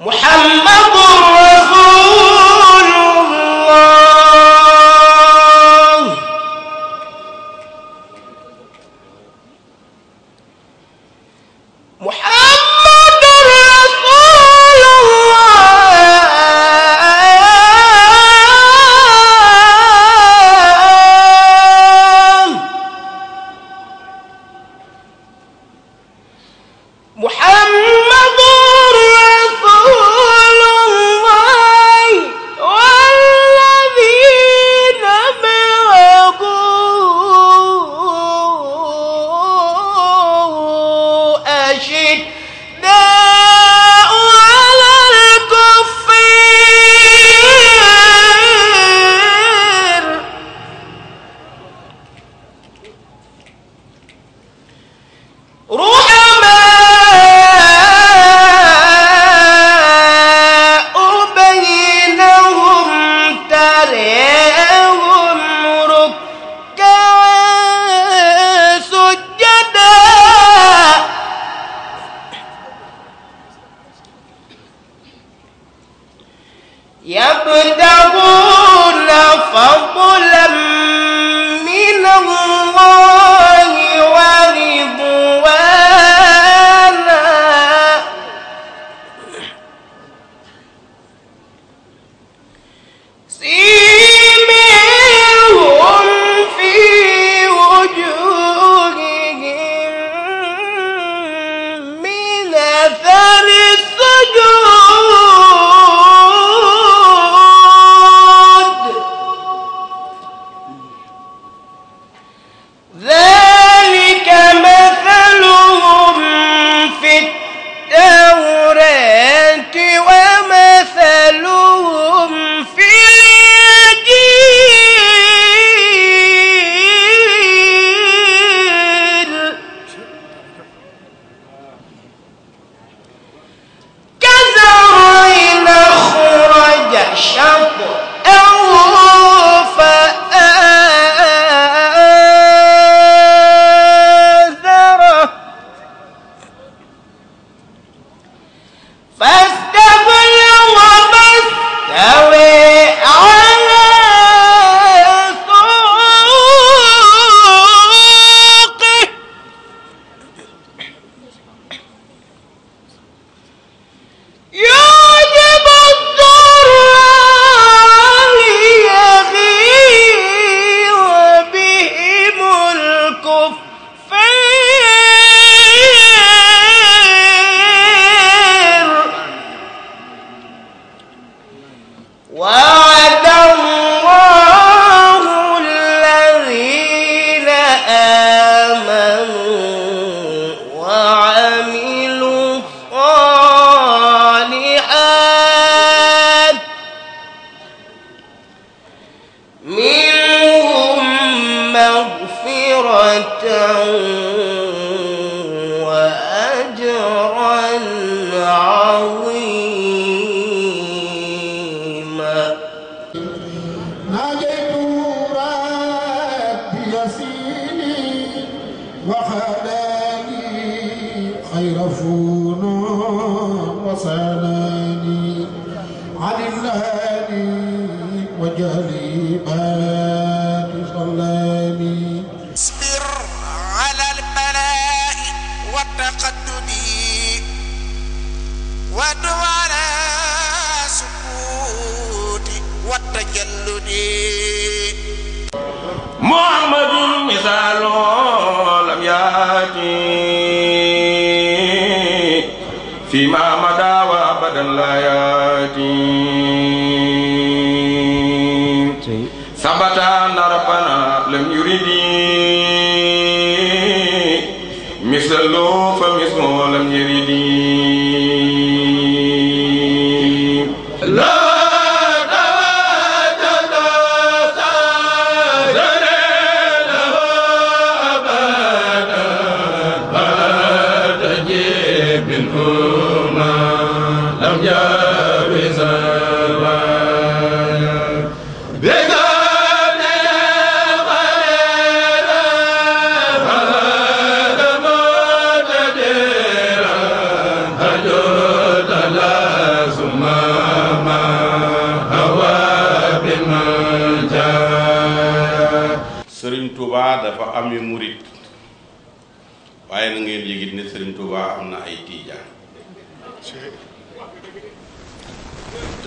محمد The لهاني وجهلي ما تصلاني اصبر على البلاء والتقدم وادعو على سكوت والتجلد محمد مثاله لم ياتي فيما مدى وابدا لا ياتي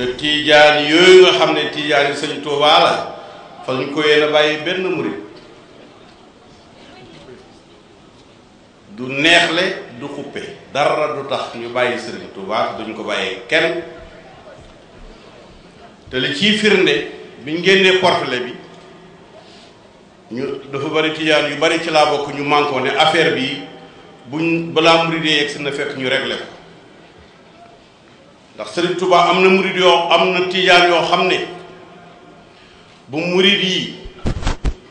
te tiijaan yooyu nga xam ne tiijaan yi sëñ Tuubaa la fa ñu ko yéen a bàyyi benn murit du neexle du xuppe dara du tax ñu bàyyi sëriñ Tuubaa duñ ko bàyyee kenn te li ciy firnde biñ génnee portele bi ñu dafa bari tijaan yu bari ci laa bokk ñu mànkoo ne affaire bi buñ balaa muridee yegg si na fekk ñu réglé ko ndax sëriñ Touba am na murid yoo am na tijaan yoo xam ne bu murid yi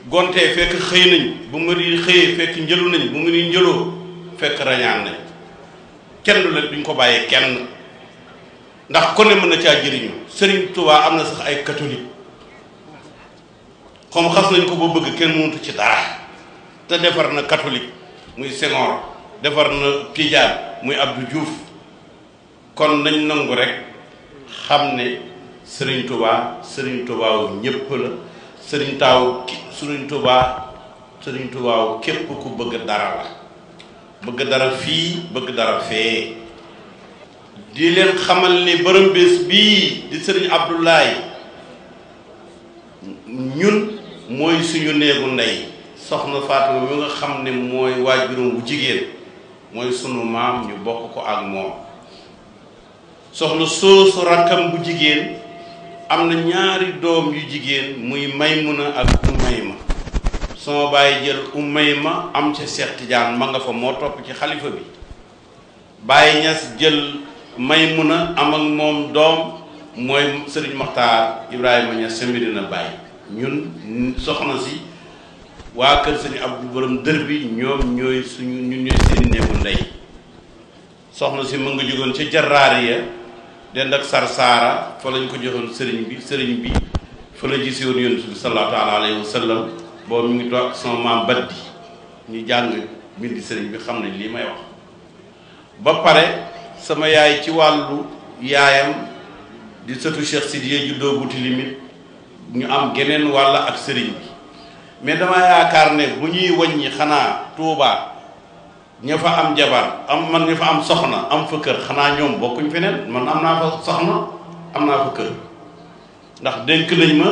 gontee fekk xëy nañ bu murid yi xëyee fekk njëlu nañ bu murid yi njëloo fekk rañaan nañ kenn du leen duñ ko bàyyee kenn ndax ko ne mën na caa jëriñu sëriñ Touba am na sax ay catholique comme xas nañ ko ba bëgg kenn mëntu ci dara te defar na katolik muy Senghor defar na tijaan muy Abdou Diouf kon nañ nangu rek xam ne sëriñ tubaa sëriñ tubaawu ñépp la sëriñ taawu sëriñ tubaa sëriñ képp ku bëgg dara la bëgg dara fii bëgg dara fee di leen xamal ni bërëm bés bii di sëriñ Abdoulaye ñun mooy suñu néegu ndey soxna Fatima mi nga xam ne mooy waajuram wu jigéen mooy sunu maam ñu bokk ko ak moom soxna soosu rakkam bu jigéen am na ñaari doom yu jigéen muy may Maymuna ak Umayma sama bàyyi jël ma am ca Seex Tijaan ma nga fa moo topp ci xalifa bi Baye Ñas jël Maymuna am ak moom doom mooy Sëriñ Maxtaar Ibrahima Ñas sa Medina Baye ñun soxna si waa kër Sëriñ Abdu Borom dër bi ñoom ñooy suñu ñun ñooy seen néegu ndey soxna si mu nga jógoon ca Jarraariya dend ak Sarsaara fa lañ ko joxoon sëriñ bi sëriñ bi fa la gisee woon yonent bi sallallahu taala alayhi wa sallam boobu mi ngi toog sama maam baddi ñu jàng bindi sëriñ bi xam nañ lii may wax ba pare sama yaay ci wàllu yaayam di sëtu Cheikh Sidiye juddoo buti limit ñu am geneen wàlla ak sëriñ bi mais dama yaakaar ne bu ñuy waññi xanaa Tuubaa ña fa am jabar am man ña fa am soxna am fa kër xanaa ñoom bokkuñ feneen man am naa fa soxna am naa fa kër ndax dénk nañ ma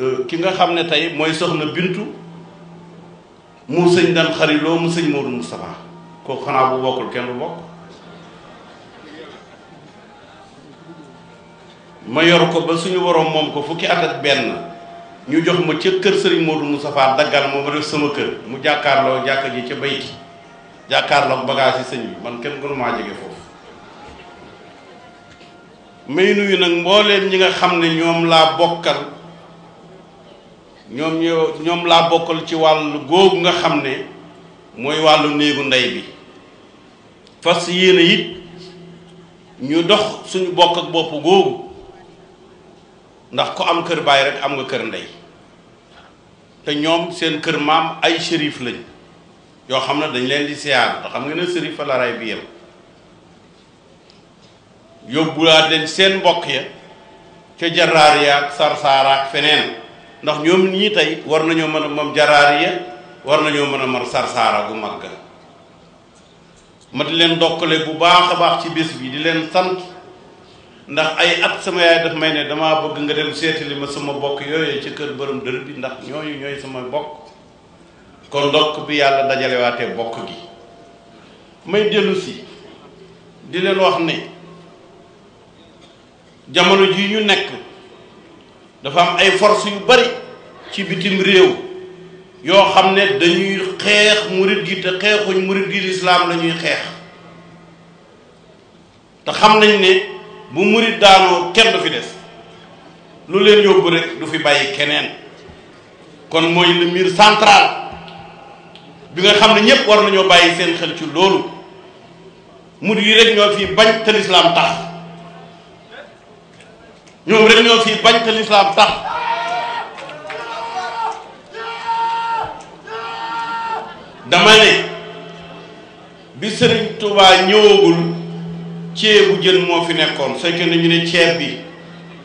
euh, ki nga xam ne tey mooy soxna bintu mu sëñ dan xariloo mu sëñ Modou Moustapha kooku xanaa bu bokkul kenn du bokk ma yor ko ba suñu waroom moom ko fukki at ak benn ñu jox ma ca kër sëriñ mu Moustapha daggal ma ma def sama kër mu jàkkaarloo jàkka ji ca bayti jàkkaarloo bagage yi sëñ bi man kenn gënu maa jege foofu may nuyu nag mbooleem ñi nga xam ne ñoom laa bokkal ñoom ñoom laa bokkal ci wàll googu nga xam ne mooy wàllu néegu ndey bi fas yéene it ñu dox suñu bokk ak bopp googu ndax ko am kër baay rek am nga kër ndey te ñoom seen kër maam ay shérif lañ yoo xam ne dañ leen di siyaar te xam nga ne shérif fa la ray bi yem yóbbulaat leen seen mbokk ya ca jaraar ya ak sarsaaraak feneen ndax ñoom ñii tey war nañoo mën a moom jaraar ya war nañoo mën a mar sarsaara bu mag ma di leen dokkale bu baax a baax ci bés bi di leen sant ndax ay at sama yaay daf may ne damaa bëgg nga dem seetali ma sama bokk yooyu ci kër borom dër bi ndax ñooñu ñooy sama bokk kon ndokk bi yàlla dajalewaate bokk gi may dellu si di leen wax ne jamono ji ñu nekk dafa am ay force yu bari ci bitim réew yoo xam ne dañuy xeex murit gi te xeexuñ murit gi lislaam la ñuy xeex te xam nañ ne bu murit daanoo kenn du fi des lu leen yóbbu rek du fi bàyyi keneen kon mooy le mur central bi nga xam ne ñépp war nañoo bàyyi seen xel ci loolu murit yi rek ñoo fi bañ te lislaam tax ñoom rek ñoo fi bañ te tax dama ne bi Sëriñ Tuubaa ñëwagul ceebu jën moo fi nekkoon fekkee nañu ne ceeb bi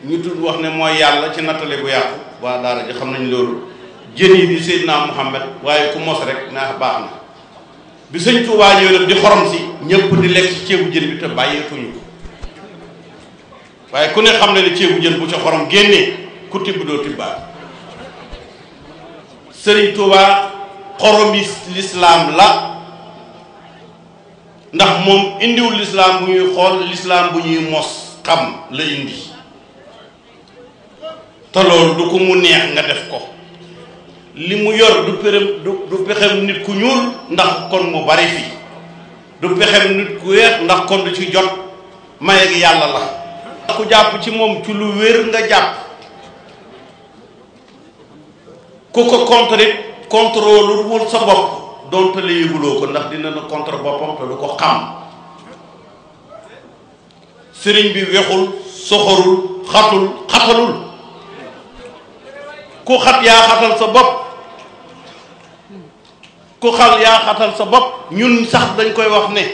ñu tudd wax ne mooy yàlla ci nattale bu yàqu waa daara ji xam nañ loolu jën yi di Seydina Muhammad waaye ku mos rek naax ah baax na bi sëñ Tuubaa ñëw nag di xorom si ñëpp di lekk ci ceebu jën bi te bàyyeetuñu ko waaye ku ne xam ne ne ceebu jën bu ca xorom génnee ku tibb doo tibbaat sëriñ Tuubaa xoromi lislaam la ndax moom indiwul lislaam bu ñuy xool lislaam bu ñuy mos xam la indi te du ko mu neex nga def ko li mu yor du pérém du pexem nit ku ñuul ndax kon mu bari fii du pexem nit ku weex ndax kon du ci jot ma gi yàlla la ku jàpp ci moom ci lu wér nga jàpp ku ko contre it contrôle wul sa bopp donte la yëguloo ko ndax dina na contre boppam te du ko xam sëriñ bi wexul soxorul xatul xatalul ku xat yaa xatal sa bopp ku xal yaa xatal sa bopp ñun sax dañ koy wax ne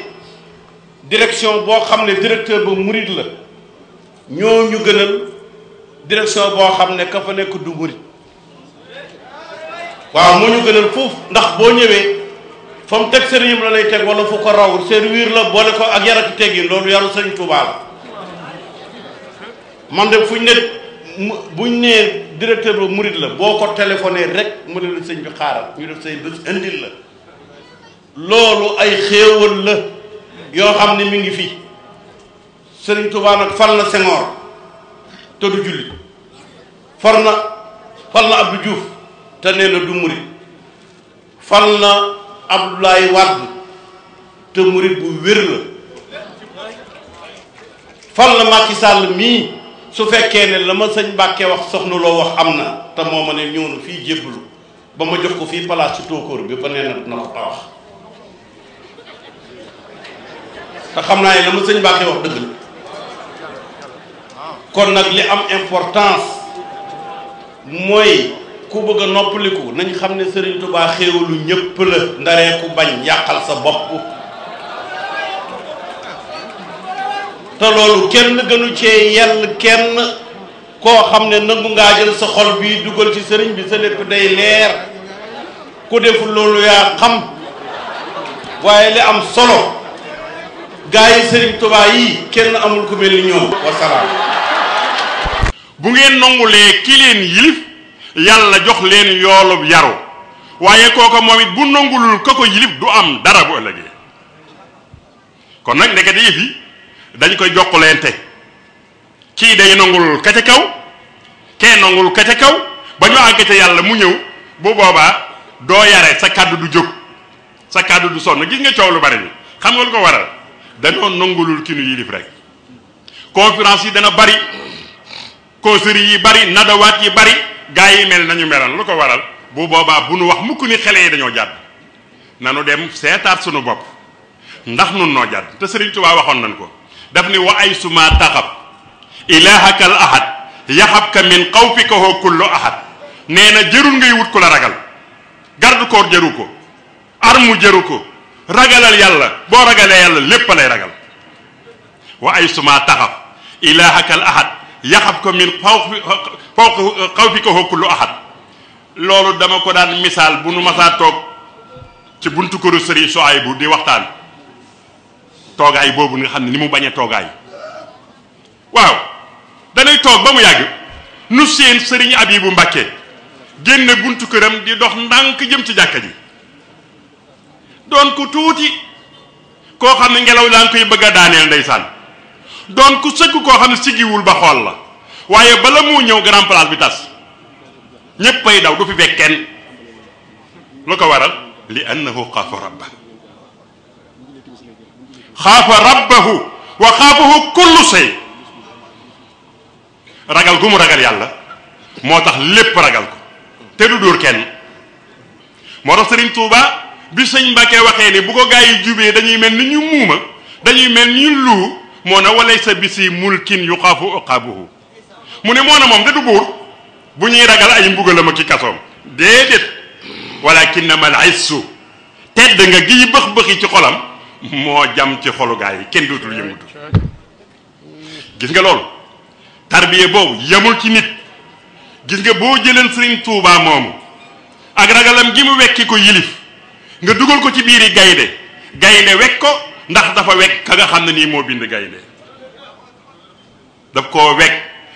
direction boo xam ne directeur ba murit la ñoo ñu gënal direction boo xam ne ka fa nekk du murit waaw moo ñu gënal foofu ndax boo ñëwee fa mu teg sëriñam la lay teg wala fu ko raw seen wiir la boole ko ak yar ak teggin loolu yaru sëriñ Tuubaa la man de fuñ ne buñ nee directeur ba murit la boo ko téléphoné rek mu ne la sëñ bi xaaral ñu def say bés indil la loolu ay xéewal la yoo xam ne mi ngi fii sëriñ Tuubaa nag fal na Senghor te du jullit far na fal na Abdou Diouf te nee na du murit fal na Abdoulaye Wade te murit bu wér la fan la Macky Sall mii su fekkee ne la ma sëñ Mbàkke wax soxna loo wax am na te moo ma ne ñëw na fii jébbalu ba ma jox ko fii place ci tóokóor bi ba nee na dina ko te xam naa ne la ma sëñ Mbàkke wax dëgg kon nag li am importance mooy ku bëgg a noppaliku nañ xam ne Serigne Touba xéewalu ñëpp la ndaree ku bañ yàqal sa bopp te loolu kenn gënu cee yell kenn koo xam ne nangu ngaa jël sa xol bi dugal ci sëriñ bi sa lépp day leer ku deful loolu yaa xam waaye li am solo gaa yi Serigne Touba yi kenn amul ko mel ni ñoom bu ngeen nangulee ki leen yilif yàlla jox leen yoolub yaru waaye kooka moom it bu nangulul ka ko yilif du am dara bu ëllëgee kon nag ndekete yëf yi dañ koy jokkuleente kii day nangulul ka ca kaw kee nangul ka ca kaw ba ñu àgg ca yàlla mu ñëw bu boobaa doo yare sa kàddu du jóg sa kàddu du sonn gis nga coow lu bari ni xam nga lu ko waral dañoo nangulul ki nu yilif rek conférence yi dana bari causerie yi bari nadawaat yi bari gaa yi mel nañu meloon lu ko waral bu boobaa bu nu wax mukk ni xele yi dañoo jàdd nanu dem seetaat sunu bopp ndax nun noo jàdd te Sëriñ Tuubaa waxoon nañ ko daf ni wa ay suma taxab ilaahaka al ahad yaxabka min xawfika hoo kullu ahad nee na jërul ngay wut ku la ragal garde corps jëru ko armu jëru ko ragalal yàlla boo ragalee yàlla lépp lay ragal wa ay suma taxab ilaahaka al ahad yaxab ko min faw faw xaw fi ko kullu ahad loolu dama ko daan misaal bu nu masaa toog ci buntu këru sëriñ bu di waxtaan toogaay boobu nga xam ne ni mu bañ a toogaay waaw danay toog ba mu yàgg nu seen sëriñ yi Abibu Mbàkke génne buntu këram di dox ndànk jëm ci jàkka ji doon ko tuuti koo xam ne ngelaw laa ngi koy bëgg a daaneel ndeysaan don ku sëgg ko xam sigi wul ba xol la waye bala moo ñew grand place bi ñepp ñëppay daw du fi lu ko waral li annahu khafa rabba khafa rabbahu wa xaafahu kullu shay ragal gumu ragal yalla motax lepp ragal ko te du dur ken mo do serigne touba bi serigne mbake waxe ni bu ko gaay dañuy melni ñu muuma dañuy melni ñu moo ne walaysa bi si mulkin yuxaafu uqaabuhu mu ne moo ne moom da du buur bu ñuy ragal ay mbugalam ak i kasoom déedéet walakinama al issu tedd nga gi bëx ci xolam moo jam ci xolu yi kenn dootul yëngutu gis nga loolu tarbiye boobu yemul ci nit gis nga boo jëleen sëriñ tuubaa moomu ak ragalam gi mu wekki ko yilif nga dugal ko ci biiri gaynde gaynde wekk ko ndax dafa wekk ka nga xam ne nii moo bind gaynde daf koo wekk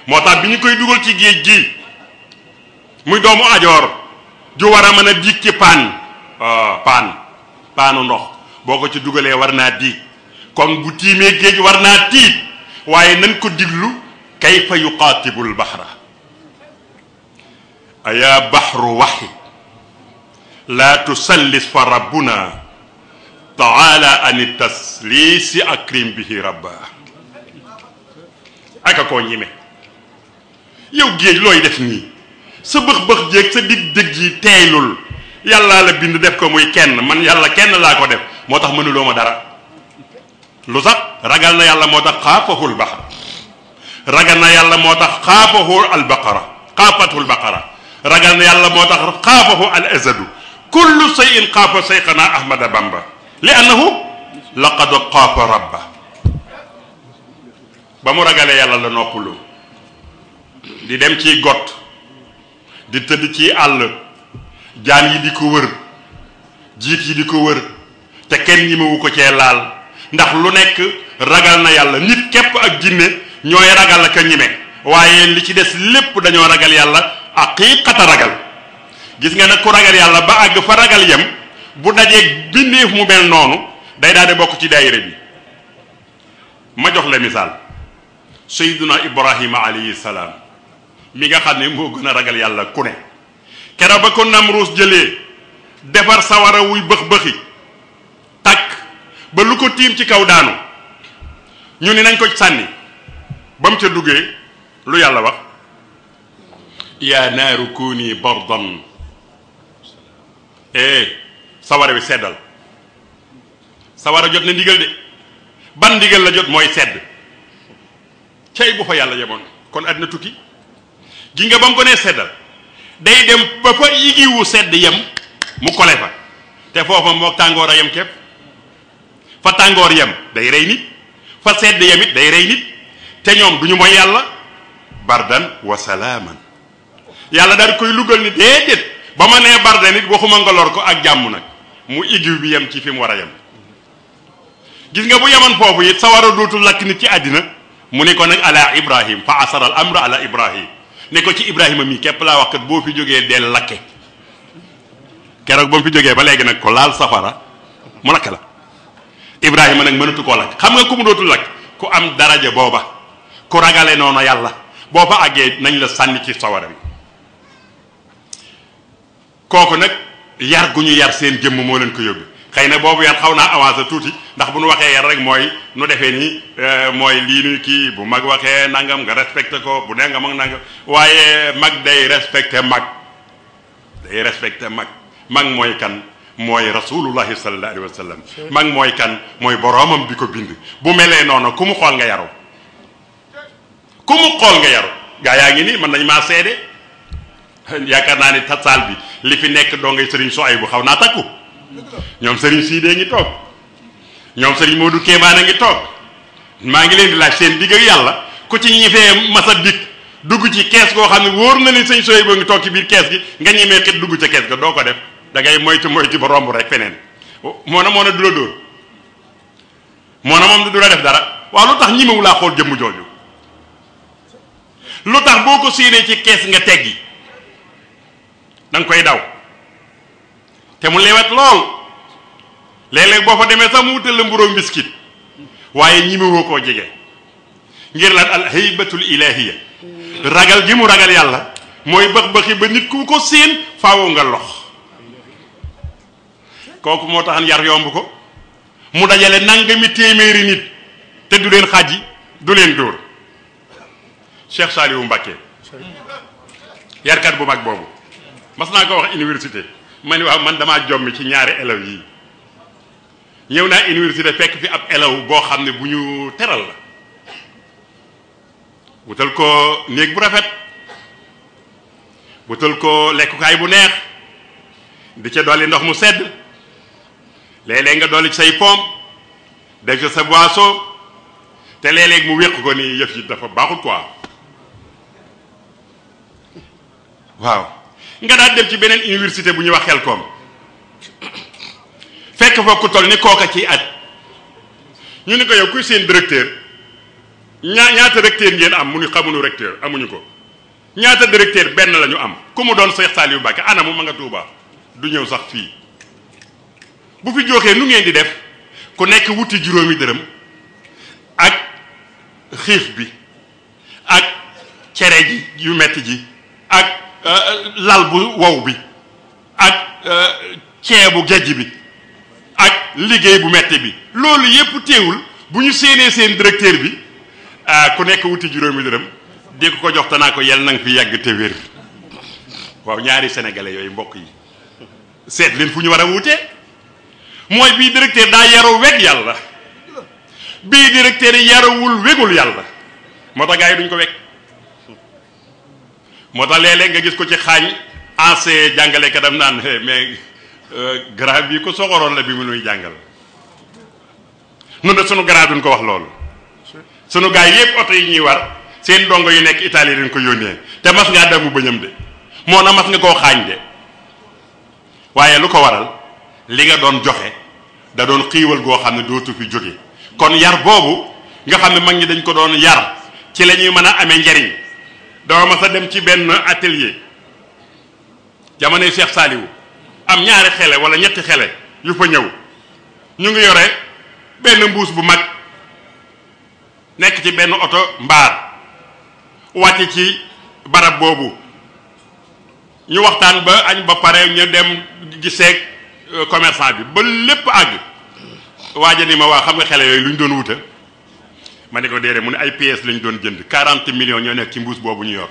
moo tax bi ñu koy dugal ci géej gi muy doomu ajoor ju war a mën a diig ci paan ah, paanu ndox boo ko ci dugalee war naa diig kon bu tiimee géej war naa tiit waaye nañ ko diglu kayfa yuqaatibul baxra ayaa baxru waxi laa tusallis fa rabbuna تعالى أن تسليس أكرم به ربا أكا كون يمي يو جيج لو يدفني سبخ بخ جيك سبيك دجي تيلول يالا لبند دف كومو يكن من يالا كن لا كو دف موتاخ منو لوما دارا لوزاق رجال نا يالا موتاخ خافه البحر رجال نا يالا موتاخ خافه البقرة قافته البقرة رجال نا يالا موتاخ خافه الأزد كل شيء قاف شيخنا أحمد بامبا li annahu laqad xaafa rabba ba mu ragalee yàlla la noppalu di dem ciy got di tëdd ci àll jaan yi di ko wër jiit yi di ko wër te kenn ñimewu ko cee laal ndax lu nekk ragal na yàlla nit képp ak jinne ñooy ragal ak a ñime waaye li ci des lépp dañoo ragal yàlla aqiiqata ragal gis nga nag ku ragal yàlla ba àgg fa ragal yem bu dajee bindeef mu mel noonu day daal bokk ci daayira bi ma jox la misaal sayyiduna ibrahima alayhi mi nga xam ne moo gën a ragal yàlla ku ne kera ba ko namruus jëlee defar sawara wuy bëx-bëxi takk ba lu ko tiim ci kaw daanu ñu ni nañ ko sànni ba mu ca duggee lu yàlla wax yaa naaru kuuni bardan eh sawara bi seddal sawara jot na ndigal de ban ndigal la jot mooy sedd cey bu fa yàlla yemoon kon àddina tukki gi nga ba mu ko nee seddal day dem ba fa yigiwu sedd yem mu kole fa te foofa moo tàngoor yem képp fa tàngoor yem day rey nit fa sedd yem day rey nit te ñoom du ñu mooy yàlla bardan wa salaaman yàlla daal koy lugal ni déedéet ba ma nee bardan it waxuma nga lor ko ak jàmm nag mu aiguille bi yem ci fi mu war a yem gis nga bu yemoon foofu it sawara dootu lakk nit ci àddina mu ne ko nag ala ibrahim fa asara al amra ala ibrahim ne ko ci ibrahima mii képp laa wax kat boo fi jógee deel lakke keroog ba mu fi jógee ba léegi nag ko laal safara mu lakk la ibrahima nag mënatu koo lakk xam nga ku mu dootul lakk ku am daraja booba ku ragale noonu yàlla boo fa àggee nañ la sànni ci sawara bi kooku nag yar gu ñu yar seen jëmm moo leen ko yóbbu xëy na boobu yar xaw naa avancé tuuti ndax bu nu waxee yar rek mooy nu defee nii euh, mooy lii nu kii bu mag waxee nangam nga respecté ko bu dee nga mag nangam waaye mag day respecté mag day respecté mag mag mooy kan mooy rasulullahi sallallahu alayhi wa sallam mag mooy kan mooy boroomam bi ko bind bu melee noonu ku mu xool nga yaru ku mu xool nga yaru gaa yaa ngi nii mën nañ maa seede yaakaar naa ne ta saal bi li fi nekk doo ngay sëriñ Souhaïbou xaw naa takku ñoom sëriñ Siidee ngi toog ñoom sëriñ Modou Kéemaan a ngi toog maa ngi leen di laaj seen digg ak yàlla ku ci ñi fee masa dikk dugg ci kees goo xam ne wóor na ni sëñ boo ngi toog ci biir kees gi nga ñemee xit dugg ca kees ga doo ko def dangay ngay moytu moytu ba romb rek feneen oh, moo na moo na du la dóor moo na moom du la def dara waaw lu tax ñi mawu laa xool jëmm jooju lu tax boo ko séenee ci kees nga teggi dang koy daw té mu lewet lol léeg-léeg boo fa demee sax mu wutal mburo biskit waaye ñimewoo jege ngir al haybatul ilahiyya ragal gi mu ragal yalla moy bax baxi ba nit ku ko seen faawu nga lox koku mo taxan yar yomb ko mu dajale nangami téméri nit té du len xaji du len dor Cheikh Saliou Mbacké kat bu mag bobu mas naa ko wax université ma ni waaw man damaa jommi ci ñaari élèves yi ñëw naa université fekk fi ab élève boo xam ne bu ñu teral la wutal ko néeg bu rafet wutal ko lekkukaay bu neex di ca dolli ndox mu sedd léeg nga dolli ci say pompe def ci sa boisson te léeg mu wéq ko ni yëf yi dafa baaxul quoi waaw nga daal dem ci beneen université bu ñuy wax koom fekk fa ku toll ni kooka ciy at ñu ni ko yow kuy seen directeur ñaa ñaata recteur ngeen am mu ni xamuñu recteur amuñu ko ñaata directeur benn la ñu am ku mu doon Seex yu Mbàkke ana mu ma nga Tuuba du ñëw sax fii bu fi joxee nu ngeen di def ku nekk wuti juróomi dërëm ak xiif bi ak cere ji yu metti ji ak Euh, lal bu wow bi ak euh, ceebu gejj bi ak liggéey bu metti bi loolu yépp teewul bu ñu séenee seen directeur bi ah, ku nekk wuti juróomi dërëm di ko ko jox te naa ko yal na fi yàgg te wér waaw ñaari sénégalais yooyu mbokk yi seet leen fu ñu war a wutee mooy bii directeur daa yaroo weg yàlla bii directeur yi yarawul wegul yàlla moo tax gars yi duñ ko weg moo tax lee léeg nga gis ko ci xaañ ensee jàngalekatam naan eh, mais euh, garab bi ko soxoroon la bi mu nuy jàngal nun de sunu garab duñ ko wax loolu sunu gaay yëpp oto yi ñuy war seen dongo yu nekk Italie dañ ko yónnee te mas ngaa damu bëñam de moo na mas nga koo xaañ de waaye lu ko waral li nga doon joxe da doon xiiwal goo xam ne dootu fi jóge kon yar boobu nga xam ne mag ñi dañ ko doon yar ci la ñuy mën a amee njariñ dama mas dem ci benn atelier jamonoy Cheikh Saliou am ñaari xele wala ñetti xele yu fa ñëw ñu ngi yore benn mbuus bu mag nekk ci benn oto mbaar wàcc ci barab boobu ñu waxtaan ba añ ba pare ñu dem giseeg euh, commerçant bi ba lépp àgg waaja ni ma waa xam nga xele yooyu lu ñu doon wuta ma ne ko déedéet mu ne ay pièces lañ doon jënd 40 millions ñoo nekk ci mbuus boobu ñu yor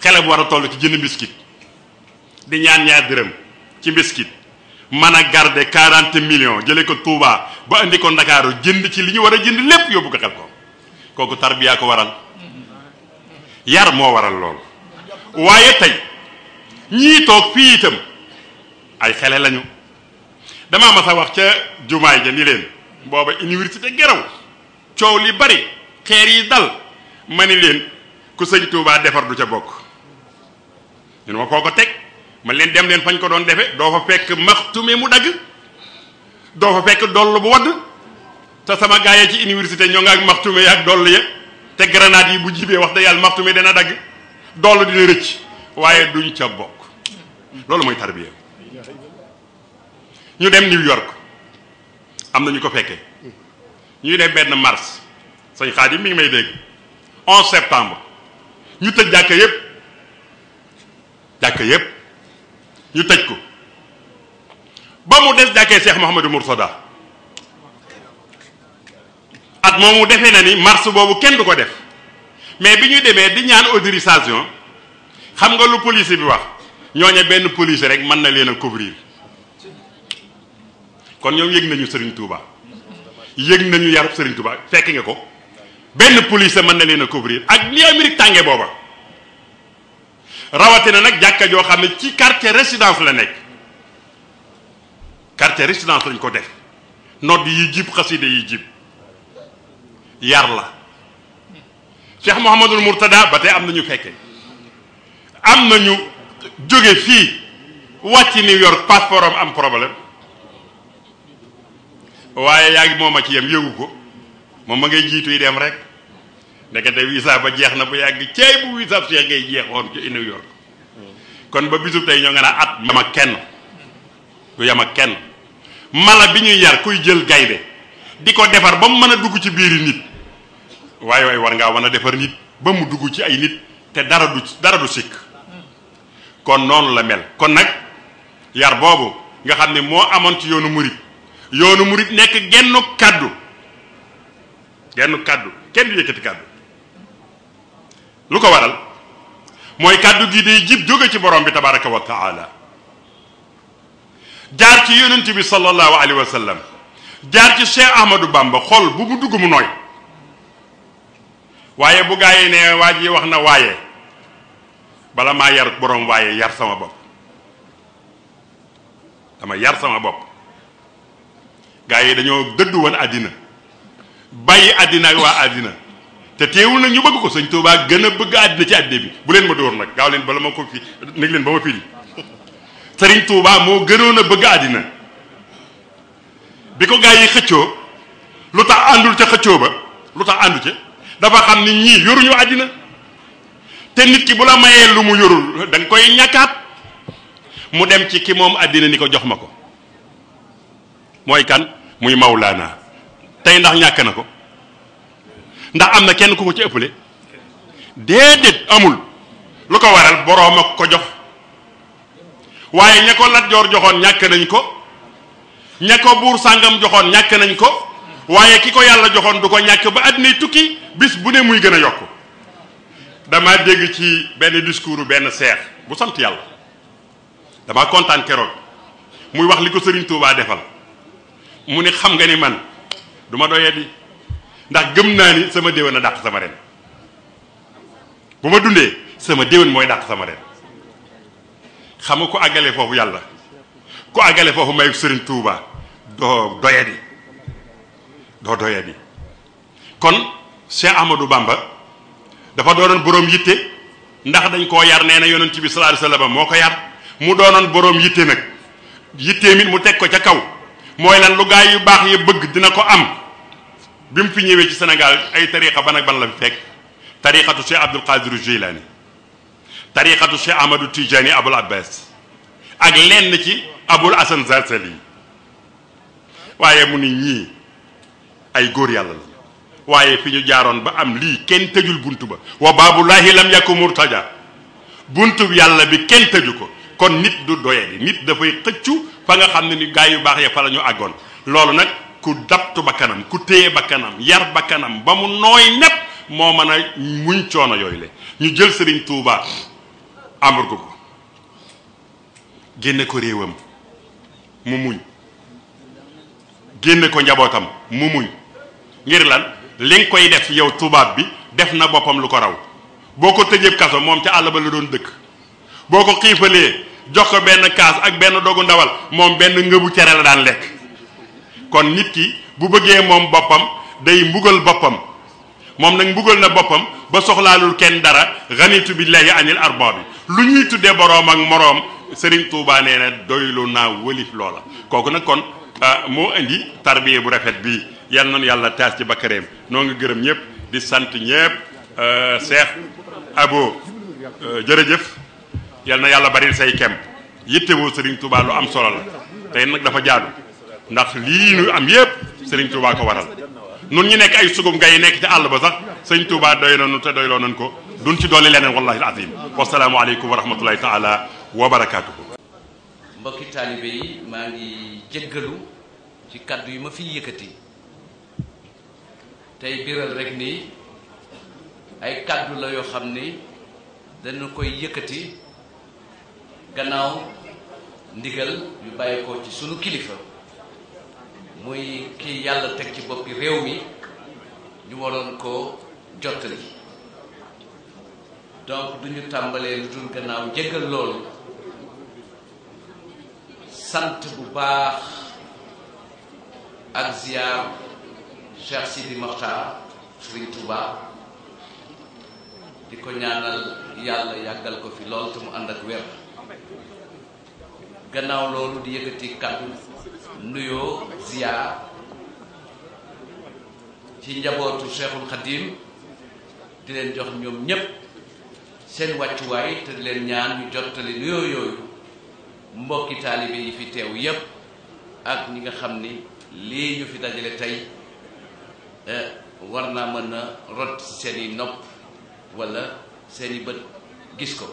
xele bu war a toll ci jënd biscuit di ñaan ñaar dërëm ci biscuit man a garde 40 million jëlee ko Touba ba indi ko Ndakaaru jënd ci li ñu war a jënd lépp yóbbu ko xel ko kooku tarbiyaa ko waral yar moo waral loolu waaye tey ñii toog fii itam ay xele lañu dama mas a wax ca jumaay ja ni leen booba université geraw ciow li bari xeer yi dal mani len leen ku sëñ Tuubaa defar du ca bok ñu ma koko tek ma len dem len fañ ko doon defé do fa fekk maxtume mu dag do fa fekk dollu bu wad ta sama gaay ya ci université ñoo nga ak maxtume ya dollu ya te grenade yi bu jibee wax da yalla maxtume dina dag dollu dina recc waye duñ ca bok lolu moy tarbiya ñu dem New York amna ñu ko fekke ñuy def benn mars sëñ Xaadim mi ngi may dégg 11 septembre ñu tëj jàkka yépp jàkka yépp ñu tëj ko ba mu des jàkkee Cheikh Mouhamadou Mourtada at moomu defee na ni mars boobu kenn du ko def mais bi ñu demee di ñaan autorisation xam nga lu police bi wax ñooñe benn police rek mën na leen a couvrir kon ñoom yëg nañu sëriñ Touba. yëg nañu yarub Serigne Touba fekk nga ko benn police mën na leen a couvrir ak li Amérique tànge booba rawatina nag jàkka joo xam ne ci quartier résidence la nekk quartier résidence lañ ko def nodd yi jib xaside yi jib yar la Cheikh Mouhamadul Mourtada ba te am na ñu fekke am na ñu jóge fii wàcc New York passeport am am problème waaye yaa ngi moom a ci yam yëgu ko moom ma ngay jiitu yi dem rek ndekete wisaab ba jeex na bu yàgg ceey bu wisaab seex ngay jeexoon ci New York kon ba bisub tey ñoo nga naa at yam ak kenn du yam ak kenn mala bi ñuy yar kuy jël gaynde di ko defar ba mu mën a dugg ci biiri nit waaye waaye war ngaa mën a defar nit ba mu dugg ci ay nit te dara du dara du sikk kon noonu la mel kon nag yar boobu nga xam ne moo amoon ci yoonu murit yoonu murit nekk gennu kàddu gennu kàddu kenn du yëkkati kàddu lu ko waral mooy kàddu gi day jib jóge ci borom bi tabaraka wa taala jaar ci yonent bi sallallahu alayhi wa jaar ci Cheikh Ahmadou Bamba xol bu mu dugg mu nooy waaye bu gaa yi ne waa ji wax na waaye bala maa yar borom waaye yar sama bopp dama yar sama bopp gaa yi dañoo dëddu woon àddina bàyyi àddina ak waa àddina te teewul nag ñu bëgg ko sëñ Tuubaa gën a bëgg àddina ci àddina bi bu leen ma dóor nag gaaw leen la ma ko fi nekk ba ma firi sëriñ Tuubaa moo gënoon a bëgg àddina bi ko gaa yi xëccoo lu tax àndul ca xëccoo ba lu tax àndu ca dafa xam ni ñii yoruñu àddina te nit ki bu la mayee lu mu yorul da koy ñàkkaat mu dem ci ki moom àddina ni ko jox ma ko mooy kan muy Mawlaana tey ndax ñàkk na ko ndax am na kenn ku ko ci ëppale déedéet amul lu ko waral boroom ak ko jox waaye ña ko Lat Joor joxoon ñàkk nañ ko ña ko buur sàngam joxoon ñàkk nañ ko waaye ki ko yàlla joxoon du ko ñàkk ba àddina tukki bis bu ne muy gën a yokk dama dégg ci benn discours benn seex bu sant yàlla dama kontaan keroog muy wax li ko Sëriñ baa defal mu ni xam nga ni man duma ma doyee ndax gëm naa ni sama déwén a dàq sama ren bu ma dundee sama déwén mooy dàq sama ren xam nga ku àggale foofu yàlla ku àggale foofu mayu Serigne tuuba doo doye doo doye di kon Cheikh Ahmadou Bamba dafa doonoon boroom yitte ndax dañ koo yar nee na yonent bi sallallahu alayhi wasallam moo ko yar mu doonoon boroom yitte nag yitteem it mu teg ko ca kaw moy lan lu gaay yu bax yi bëgg dina ko am bi fi ñëwé ci Sénégal ay tariqa ban ak ban la fi fek tariqatu Cheikh Abdul Qadir Jilani tariqatu Cheikh amadou Tijani Abul Abbas ak lenn ci Abul Hasan Zarsali waye mu nit ni ay góor yàlla la waye fi ñu jaaroon ba am li kenn tëjul buntu ba wa baabulaahi lam yakum murtaja buntu yàlla bi kenn tëju ko kon nit du doye nit da fay xëccu fa nga xam ne ni gaa yu baax ya fa la ñu àggoon loolu nag ku dabtu ba kanam ku téye ba kanam yar ba kanam ba mu nooy nepp moo mën a muñ coono yooyu la ñu jël sëriñ Touba amar ko ko génne ko réewam mu muñ génne ko njabootam mu muñ ngir lan li nga koy def yow tubaab bi def na boppam lu ko raw boo ko tëjee kaso moom ca àll ba la doon dëkk boo ko xiifalee jox ko benn kaas ak benn dogu ndawal moom benn ngëbu cere la daan lekk kon nit ki bu bëggee moom boppam day mbugal boppam moom nag mbugal na boppam ba soxlaalul kenn dara ganitu billahi anil arba bi lu ñuy tuddee boroom ak moroom Serigne Touba nee na doylu naa wëlif loola kooku nag kon ah, moo indi tarbiye bu rafet bii yal nañu yàlla taas ci bakkareem noo ngi gërëm ñëpp di sant ñëpp ah, Cheikh Abo ah, jërëjëf yalla na yàlla baril say kem yitté wo Serigne Touba lu am solo la tay nak dafa jaadu ndax li nu am yépp Serigne Touba ko waral nun ñi nek ay sugum gay nek ci àll ba sax serigne Touba doy na nu te doy lo nañ ko duñ ci dolli lenen wallahi alazim wa salamu alaykum wa rahmatullahi taala wa barakatuh mbokki talibé yi ma ngi jéggelu ci kàddu yi ma fi yëkëti tay biral rek ni ay kàddu la yo xamni dañ dañu koy yëkkati gannaaw ndigal yu bàyyi ko ci sunu kilifa muy kii yàlla teg ci boppi réew mi ñu waroon ko jottali donc duñu tàmbalee lu dul gannaaw njëggal loolu sant bu baax ak ziar Cheikh Sidi Mokhtar Serigne di ko ñaanal yàlla yàggal ko fi lool te mu ànd ak wér gannaaw loolu di yëkkati kàddu nuyoo ziyaar ci njabootu Cheikhul Khadim di leen jox ñoom ñépp seen wàccuwaay te di leen ñaan ñu jottali nuyoo yooyu mbokki taalibe yi fi teew yépp ak ñi nga xam ni lii ñu fi dajale tey eh, war naa mën a rot seeni nopp walla seeni bët gis ko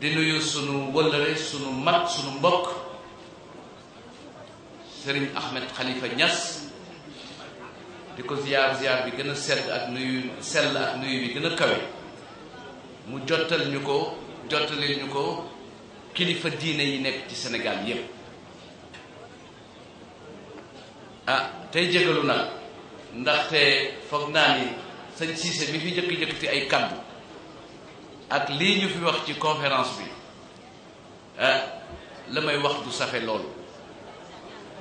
di nuyu sunu wëllëre sunu mag sunu mbokk Serigne Ahmed Khalifa Niass di ko ziyaar ziyaar bi gën a sedd ak nuyu sell ak nuyu bi gën a kawe mu jottal ñu ko jottalil ñu ko kilifa diine yi nekk ci senegal yépp ah tey jégalu nag ndaxte foog naa ni sëñ Cissé mi fi jëkki-jëkkati ay kaddu ak lii ñu fi wax ci conférence bi ah, la may wax du safe loolu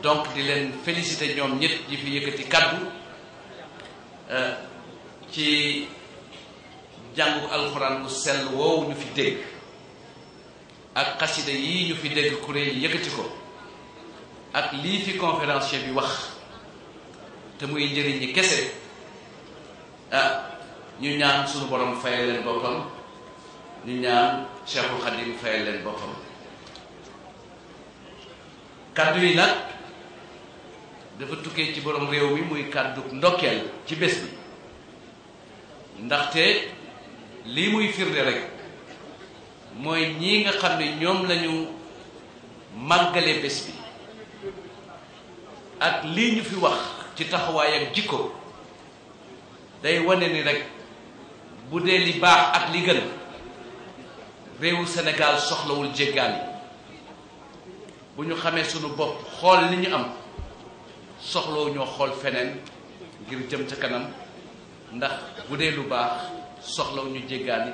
donc di leen féliciter ñoom ñett ñi fi yëkkati kàddu ah, ci jàngu alxuraan bu sell woowu ñu fi dégg ak xasida yii ñu fi dégg kuréel yi yëkkati ko ak lii fi conférencier bi wax te muy njëriñ yi kese ah ñu ñaan sunu borom fayal leen boppam ñu ñaan Cheikhul Khadim fayal leen boppam kàddu yi nag dafa tukkee ci boroom réew mi muy kàddu ndokkeel ci bés bi ndaxte lii muy firnde rek mooy ñii nga xam ne ñoom lañu màggale bés bi ak lii ñu fi wax ci taxawaay ak jikko day wone ni rekk bu dee li baax ak li gën réewu senegaal soxlawul jéggaan yi bu ñu xamee sunu bopp xool li ñu am soxlawu ñoo xool feneen ngir jëm ca kanam ndax bu dee lu baax soxlawu ñu jéggaan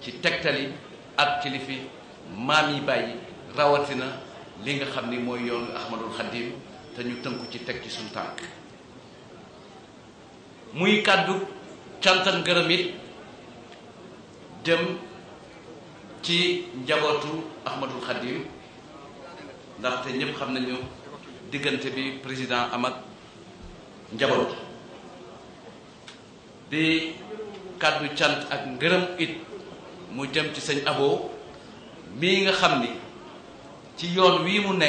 ci tegtal yi ak ci li fi maam yi bàyyi rawatina li nga xam ni mooy yoonu Ahmadul Xadim te ñu tënku ci teg ci suñu tànk muy kàddu cant ak ngërëm it jëm ci njabootu Ahmadul Khadim ndaxte ñëpp xam nañu diggante bi président amat njaboot di kàddu cant ak ngërëm it mu jëm ci sëñ Abo mii nga xam ni ci yoon wii mu ne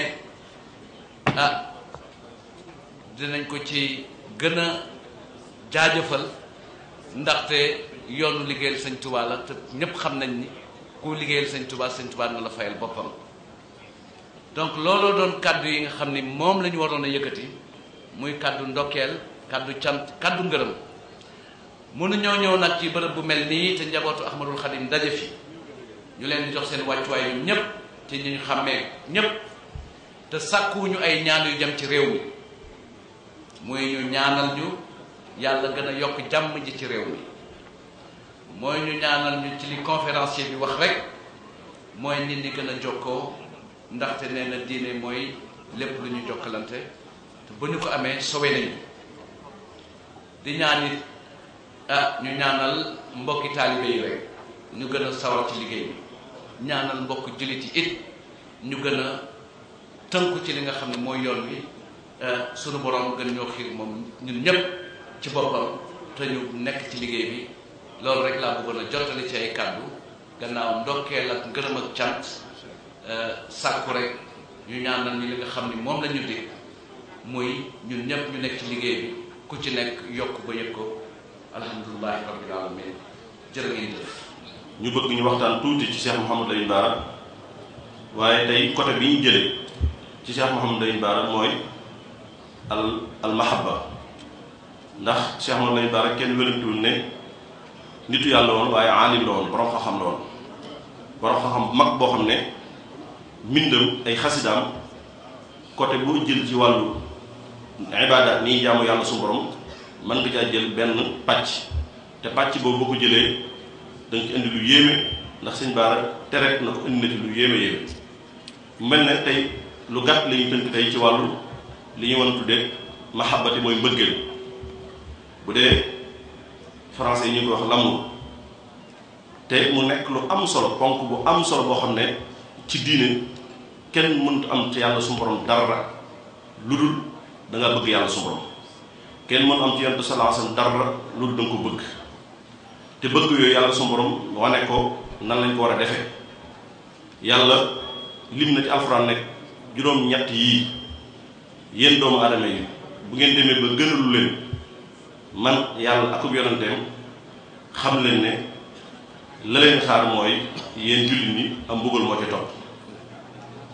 ah dinañ ko ci gën a jaajëfal ndaxte yoonu liggéeyal sëñ Tuubaa te ñëpp xam nañ ni ku liggéeyal sëñ Tuubaa sëñ Tuubaa na la fayal boppam donc looloo doon kàddu yi nga xam ni moom lañu waroon a yëkkati muy kàddu ndokkeel kàddu cant kàddu ngërëm mënuñoo ñëw nag ci bërëb bu mel nii te njabootu Ahmadul Xadim daje fi ñu leen jox seen wàccuwaay yu ñëpp ci ñu xàmmee ñëpp te sàkkuwuñu ay ñaan yu jëm ci réew mi muy ñu ñaanal ñu yàlla gën a yokk jàmm ji ci réew mi mooy ñu ñaanal ñu ci li conférencier bi wax rek mooy nit ñi gën a jokkoo ndaxte nee na diine mooy lépp lu ñu jokkalante te bu ñu ko amee sowe nañu di ñaan it ah ñu ñaanal mbokki taalibe yi rek ñu gën a sawar ci liggéey bi ñaanal mbokk jullit yi it ñu gën a tënku ci li nga xam ne mooy yoon wi ah, sunu borom gën ñoo xiir moom ñun ñëpp ci boppam te ñu nekk ci liggéey bi loolu rek laa bëggoon a jottali ci ay kàddu gannaaw ndokkeel ak ngërëm ak cant euh, sàkku rek ñu ñaanal ñi li nga xam ni moom la ñu dégg muy ñun ñëpp ñu nekk ci liggéey bi ku ci nekk yokk ba yëg ko alhamdulilahi rabbil alamin jërë ngeen jëf ñu bëgg ñu waxtaan tuuti ci Cheikh Mouhamadou Lamine Bara waaye tey côté bi ñu jëlee ci Cheikh Mouhamadou la Bara mooy al al mahabba ndax Cheikh Mouhamadou Lamine Bara kenn wëlantuwul ne nitu yàlla woon waaye aalim la woon borom xam-xam la woon borom xam-xam mag boo xam ne mbindam ay xasidaam côté boo jël ci wàllu ibaadaat nii jàmm yàlla su borom man nga caa jël benn pàcc te pàcc boobu boo ko jëlee da ci indi lu yéeme ndax sëñ Baara tere na ko indi na lu yéeme yéeme mel ne tey lu gàtt li tënk tey ci wàllu li ñu mën a tuddee mahabbati mooy mbëggeel bu dee français yi ñu koy wax l'amour te mu nekk lu am solo ponk bu am solo boo xam ne ci diine kenn mënut am ci yàlla suñu borom dara lu dul danga bëgg yàlla suñu borom kenn mënut am ci yonent sallallahu alayhi lu dul da te bëgg yooyu yàlla suñu borom nan lañ ko war a defee yàlla lim na ci alxuraan nekk juróom-ñett yii yéen doomu aadama yi bu ngeen demee ba gënalu leen. man yàlla akub yonanteem xam leen ne la leen xaar mooy yéen jullit ñi am mbugal moo ci topp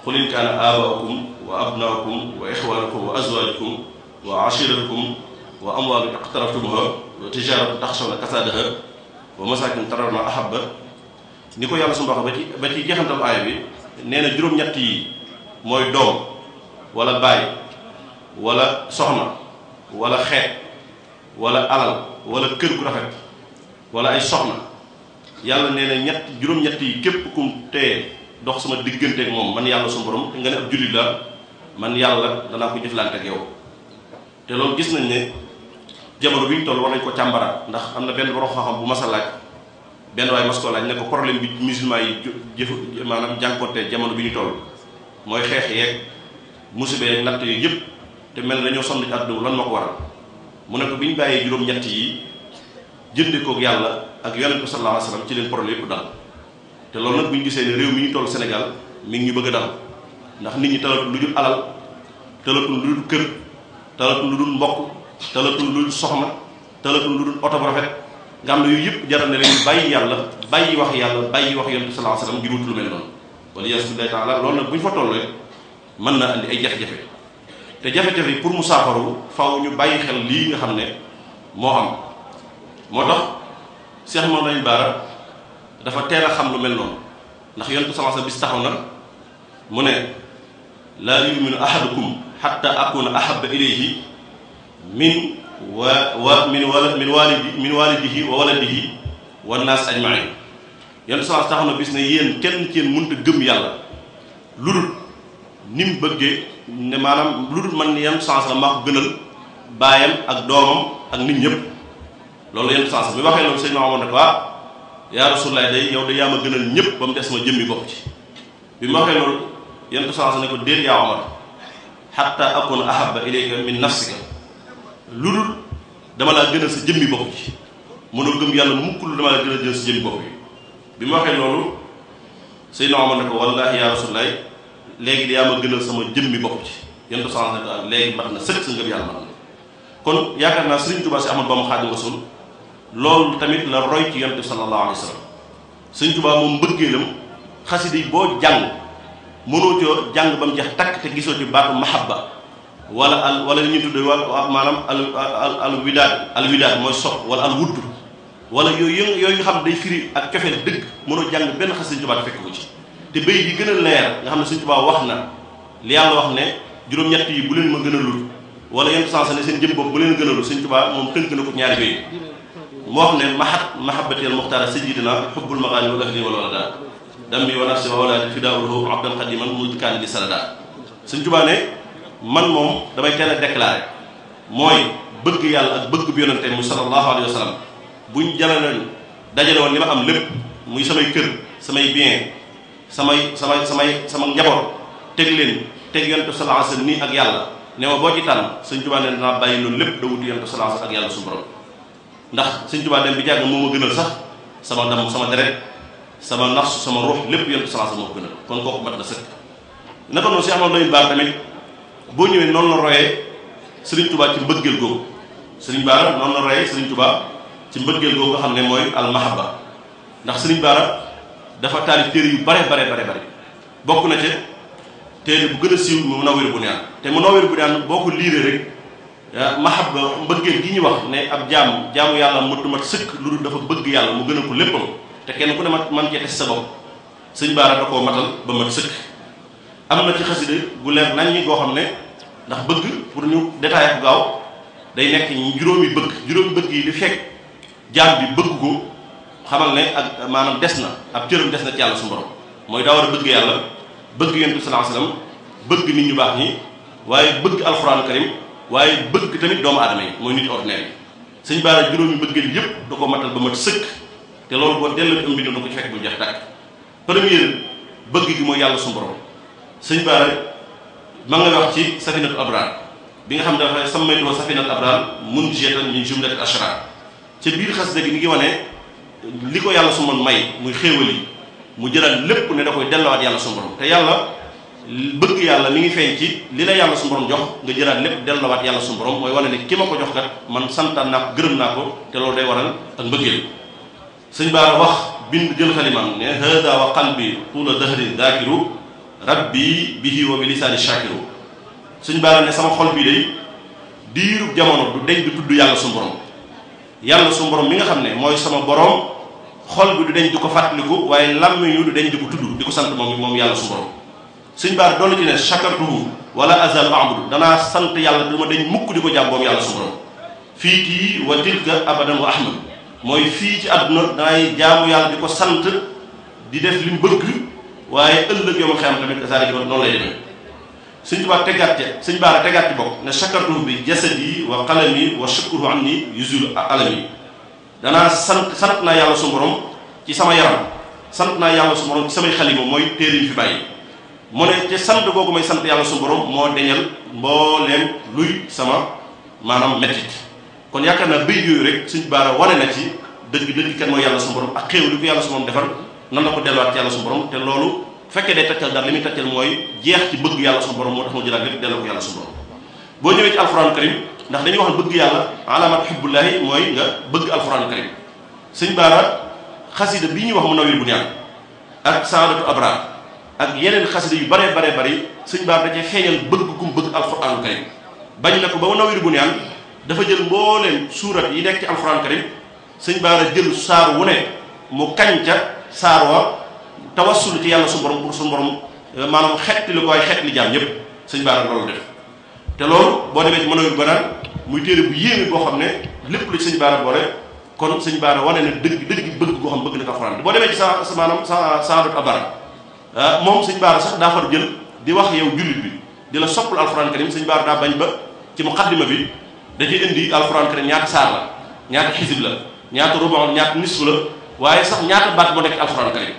qul in kaana aabaakum wa abnaakum wa ixwaanakum wa azwaajukum wa ashiratakum wa amwaalun iqtaraftumuha wa tijaratun taxshawna kasaadaha wa masaakin tarawna ahabba ni ko yàlla su mbaxa ba ci ba ci jeexantal aaya bi nee na juróom-ñett yi mooy doom wala baay wala soxna wala xeet wala alal wala kër gu rafet wala ay soxna yàlla nee na ñett juróom-ñett yi képp kum te dox sama diggante ak moom man yàlla sun borom nga ne ab jullit la man yàlla danaa ko jëflante ak yow te loolu gis nañ ne jamono biñ ñu toll war nañ ko càmbara ndax am na benn borom xam-xam bu masa laaj benn waaye mas ko laaj ne ko problème bi musulman yi jëf maanaam jànkoonte jamono bi ñu toll mooy xeex yeeg musibe yeeg natt yooyu yëpp te mel na ñoo sonn ci àdduna lan moo ko waral mu ne ko bi ñu bàyyee juróom-ñett yi jënde kook yàlla ak yonent bi sallallahu alayhi ci leen problème yëpp dal te loolu nag bu ñu gisee ne réew mi ñu toll Sénégal mi ngi ñu bëgg a dal ndax nit ñi talatul lu dul alal talatul lu dul kër talatul lu dul mbokk talatul lu dul soxna talatul lu dul oto bu rafet nga xam ne yooyu yëpp jaral na leen ñu bàyyi yàlla bàyyi wax yàlla bàyyi wax yonent bi sallallahu alayhi wasallam ngir wut lu mel noonu wala yasubillahi taala loolu nag bu ñu fa tollee mën na andi ay jafe te jafe-jafe yi pour mu saafaru faw ñu bàyyi xel lii nga xam ne moo am moo tax Cheikh moom lañ baara dafa teel a xam lu mel noonu ndax yontu sama a bis taxaw na mu ne laa yuminu ahadukum xatta akuna ahaba ilayhi min wa wa min wa min walidi min walidihi wa waladihi wa naas ajmain yontu sama taxaw na bis ne yéen kenn ci yéen mënta gëm yàlla lu dul ni mu bëggee ne maanaam lu dul man yan sance la maa ko gënal baayam ak doomam ak nit ñëpp loolu yan sance bi waxee loolu sëñ Maodo nag waa yow de yaa ma gënal ñëpp ba mu des ma jëmmi bopp ci bi ma waxee loolu yan sens ne ko déet yaa Omar xatta akuna dama laa gënal sa jëmmi bopp ci yàlla mukk lu dama laa bi ma waxee loolu sëñ Maodo ne ko wallaahi yaa Rasulaay léegi di yaa ma gënal sama jëmmi bopp ci yéen tuuti sax na léegi mat na sëkk sa ngëm yàlla mat na kon yaakaar naa Sëriñ Tuubaa si Ahmadu Bamba Xaadimu Rasuul loolu tamit la roy ci yonent bi sallallahu alayhi wa sallam Sëriñ moom mbëggeelam xasida yi boo jàng mënoo coo jàng ba mu jeex takk te gisoo ci baatu mahabba wala al wala li ñuy tuddee wa maanaam al al widaad al widaad mooy sopp wala al wudd wala yooyu yëngu yooyu nga xam day firi ak cofeel dëgg mënoo jàng benn xas Sëriñ Tuubaa fekk ci. te béy bi gën a nga xam ne Sëñ Tuubaa wax na li yàlla wax ne juróom-ñett yi bu leen ma gën a lul wala yenn sens ne seen jëm bopp bu leen gën a lul Sëñ Tuubaa moom tënk na ko ñaari béy moo wax ne mahat mahabbatiyal muxtaara sayyidina xubbul maqaani wala lii wala wala daal dambi wa nafsi wa walaati fidaawuhu abdan qadiman multikaani li salada Sëñ Tuubaa ne man moom damay teel a déclaré mooy bëgg yàlla ak bëgg bi yonante mu sallallahu alayhi wa sallam buñ jalaloon dajale woon li ma am lépp muy samay kër samay bien samay samay samay sama njaboot tegg len tegg yonte sallallahu alaihi wasallam ni ak yalla ne ma boo ci tan seigne touba len na bàyyi loolu lépp da wuti yonte sallallahu alaihi wasallam ak yalla suñu ndax seigne touba dem bi jagg moo ma gënal sax sama dam sama dere sama nafsu sama ruh lepp yonte sallallahu alaihi wasallam moo gënal kon kooku mat na sëkk naka no cheikh amadou doy baar tamit bo ñewé non la royé seigne touba ci mbeugël googu seigne baram non la royé seigne touba ci mbeugël googu nga xamné moy al mahabba ndax seigne baram dafa taalif téere yu bare bare bare bare bokk na ca téere bu gën a siiw mu nawér bu ne am te mu nawér bu ne am boo ko liiree rek ah, mahabba mbëggeel gi ñu wax ne ab jaam jaamu yàlla mu man sëkk lu dul dafa bëgg yàlla mu gën a ko te kenn ku ne man cee tes sa bopp sëñ baara da koo matal ba mat sëkk am na ci xasida gu leer nañ ñi goo xam ne ndax bëgg pour ñu détaillé ko gaaw day nekk juróomi bëgg juróomi bëgg yi li fekk jaam bi bëgg ko xamal ne ak maanaam des na ab cëram des na ci yàlla suñu mooy daa war a bëgg yàlla bëgg yonent bi sallallahu alayhi wasallam bëgg nit ñu baax nii waaye bëgg alxuraan karim waaye bëgg tamit doomu aadama yi mooy nit ordinaire yi sëñ Baara juróomi bëggeel yëpp da ko matal ba mat sëkk te loolu boo dellu ëmb bi da ko ci fekk bu jeex tàkk première bëgg gi mooy yàlla suñu borom sëñ Baara nga wax ci safinatu abraar bi nga xam dafa sammaytu safinatu abraar mun jeetan ñu Liko yang sumon may muy xewali mu jëlaat lepp ne da koy dellowaat yang su borom te yalla bëgg yalla mi ngi feeñ ci li la yàlla su borom jox nga jëlaat lépp dellowaat yalla borom ko jox kat man santaan naa gërem na dewaran ko te loolu day waral ak mbëggeel señ baara wax bind jël ne hada wa qalbi tuula dahri dhakiru rabbi bihi wa bi lisani shakiru señ baara ne sama xol bi day diiru jamono du deñ di tuddu yalla su borom yàlla borom mi nga xamne ne sama borom xol bi du dañ di ko fàttaliku waaye làmmiñu du dañ di ko tudd di ko sant moom moom yàlla su borom suñ baar doon ci ne chakartuhu wala azal abudu danaa sant yàlla du ma dañ mukk di ko jàmm moom yàlla su borom fii kii wa tilka abadan wa ahmad mooy fii ci àdduna danaay jaamu yàlla di ko sant di def li mu bëgg waaye ëllëg yow ma xam tamit asaare ji noonu lay demee suñ baar tegaat ci suñ baar tegaat ci bokk ne chakartuhu bi jasad yi wa xalam yi wa shukruhu an ni yusul alami dana sant sant na yalla sun borom ci sama yaram sant na yalla sun borom ci samay xalima moy téere fi bàyyi mo ne ci sant gogu moy sant yalla sun borom mo deñal mbolem luy sama manam metti kon yakarna bay bëy rek suñu bara wone na ci deug deug kan mooy yalla sun borom ak xewlu li ko yàlla suñu borom defal nan la ko delluwaat ci yàlla suñu borom te lolu fekke day takkal dara limi takkal moy jeex ci bëgg yalla sun borom mo tax mo jëlaat lépp delloo ko yàlla suñu borom bo ñewé ci alcorane karim ndax dañuy wax bëgg yàlla alamat xibbullahi mooy nga bëgg alxuraanu karim sëñ baara xasida bi ñuy wax mu nawir bu ñaan ak saadatu abraar ak yeneen xasida yu bare bare bari sëñ baara da cee xeeñal bëgg kum bëgg alxuraanu karim bañ na ko ba mu nawir bu ñaan dafa jël mbooleem suurat yi nekk ci alxuraanu karim sëñ baara jël saar wu ne mu kañ ca saar wa tawassul ci yàlla su borom pour su borom euh, maanaam xetti li ko ay xetti li jaam sëñ baara loolu def muy téere bu yéeme boo xam ne lépp la ci sëñ baara boole kon sëñ baara wane na dëgg dëgg bëgg goo xam bëgg na ko alxuraan boo sa sa maanaam sa saadot ah, moom sëñ baara sax jël di wax yow jullit bi di la soppul alxuraan karim sëñ baara daa bañ ba ci muqaddima bi da ci indi alxuraan karim ñaata saar la ñaata xisib la ñaata ruban ñaata nisfu la waaye sax ñaata baat moo nekk alxuraan karim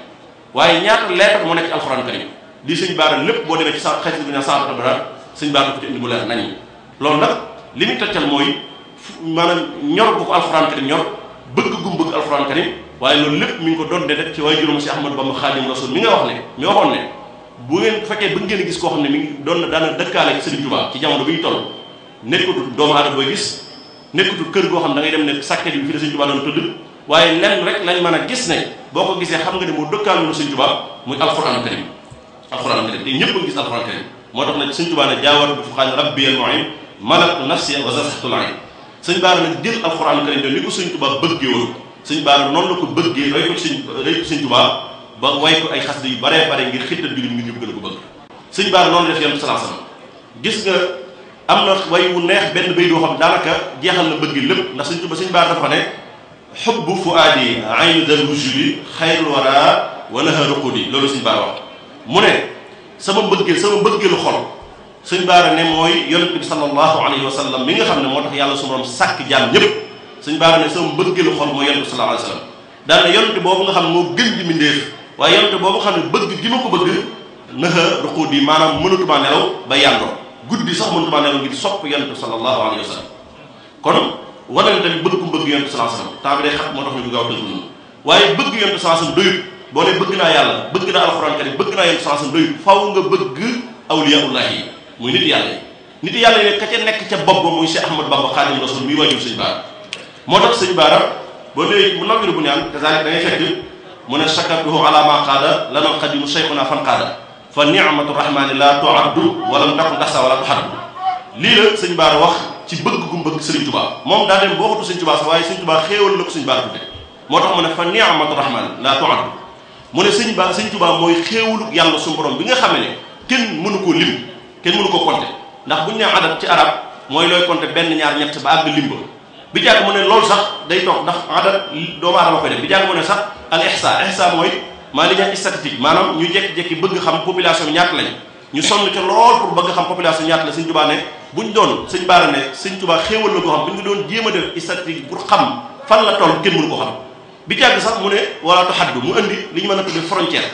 waaye ñaata lettre moo nekk alxuraan karim lii sëñ baara lépp boo demee ci sa xees bi na saadot abara sëñ baara ko ci indi mu leer nañ loolu nag li muy toccal mooy maanaam ñor bu ko alxuraan karim ñor bëgg gum bëgg alxuraan karim waaye loolu lépp mu ngi ko doon de rek ci waaye juróom si Ahmadu Bamba Xaadimu Rasuul mi nga wax ne mi waxoon ne bu ngeen bu fekkee gis koo xam ne mi doon na daana dëkkaale Sëriñ Tuubaa ci jamono bi ñu toll nekkatul doomu aadama booy gis nekkatul kër goo xam da dem ne sàkket bi la Sëriñ Tuubaa doon tëdd mën a gis boo ko gisee xam nga ne moo dëkkaale na Sëriñ Tuubaa muy alxuraan karim alxuraan karim te ñëpp a gis alxuraan karim moo tax na Sëriñ Tuubaa ne jaawat bu fu xaan rabbi al malaktu nafsi wa zasaxtul ayn sëñ baara nag jël alquran karim li ko sëñ tuba bëggee woon sëñ baara noonu la ko bëggee roy ko sëñ roy ko sëñ tuba ba way ko ay xasda yu bare bare ngir xittal jullit ngir ñu gën a ko bëgg sëñ baara noonu def yonent salaa sallam gis nga am na way wu neex benn bay doo xam daanaka jeexal na bëgg lépp ndax sëñ tuba sëñ baara dafa ne xubbu fuaadi aynu dal wujudi xayrul wara wa naharu qudi loolu sëñ baara wax mu ne sama bëggee sama bëggeelu xol sëñ baar ne mooy yonent bi sallallahu alayhi wa sallam mi nga xam ne moo tax yàlla su borom sàkk jaam ñëpp sëñ baara ne sama mbëggeelu xol mooy yonent bi sallallahu alayhi daana yonent boobu nga xam ne moo gën ji mbindéef waaye yonent boobu nga xam ne bëgg gi ma ko bëgg nëxa ruquud yi maanaam mënatuma nelaw ba yàndoo guddi sax mënatuma nelaw ngir sopp yonent bi sallallahu alayhi wa sallam kon war nañ tamit bëgg ku bëgg yonent bi sallallahu alayhi moo tax ñu waaye bëgg yonent bi sallallahu boo ne bëgg naa yàlla bëgg naa alxuraan karim bëgg naa yonent bi sallallahu alayhi wa sallam doyut faw nga bëgg muy nit yàlla yi nit yàlla yi nag ka ca nekk ca bopp ba muy Cheikh Ahmadou Bamba Xaadimu Rasuul muy waajur sëñ Baara moo tax sëñ Baara ba léegi mu nawwiru bu ñaan kazalik da ngay fekk mu ne chakartuhu ala ma qaada lanal xadimu cheikhuna fan qaada fa ni'matu rahmani la tuaddu walam takun taxsa wala tuhaddu lii la sëñ Baara wax ci bëgg gu mu bëgg sëriñ Tuubaa daa dem boo xatu sëñ waaye sëñ Tuubaa xéewal na ko sëñ Baara moo tax mu ne fa ni'matu rahmani la tuaddu mu ne sëñ Ba sëñ Tuubaa mooy xéewalu yàlla suñu borom bi nga xam ne kenn mënu koo lim kenn mënu ko compter ndax bu ñu nee adat ci arab mooy looy compter benn ñaar ñett ba àgg limba bi jàgg mu ne loolu sax day toog ndax adat doomu aadama koy def bi mu ne sax maanaam ñu jékki-jékki bëgg xam population bi ñaata lañ ñu sonn ca bëgg xam population ñaata la sëñ Tuubaa ne bu ñu doon sëñ doon jéem a def statistique pour xam fan la toll kenn mënu ko xam bi jàgg sax mu ne wala tu xaddu mu indi li ñu mën a tuddee frontière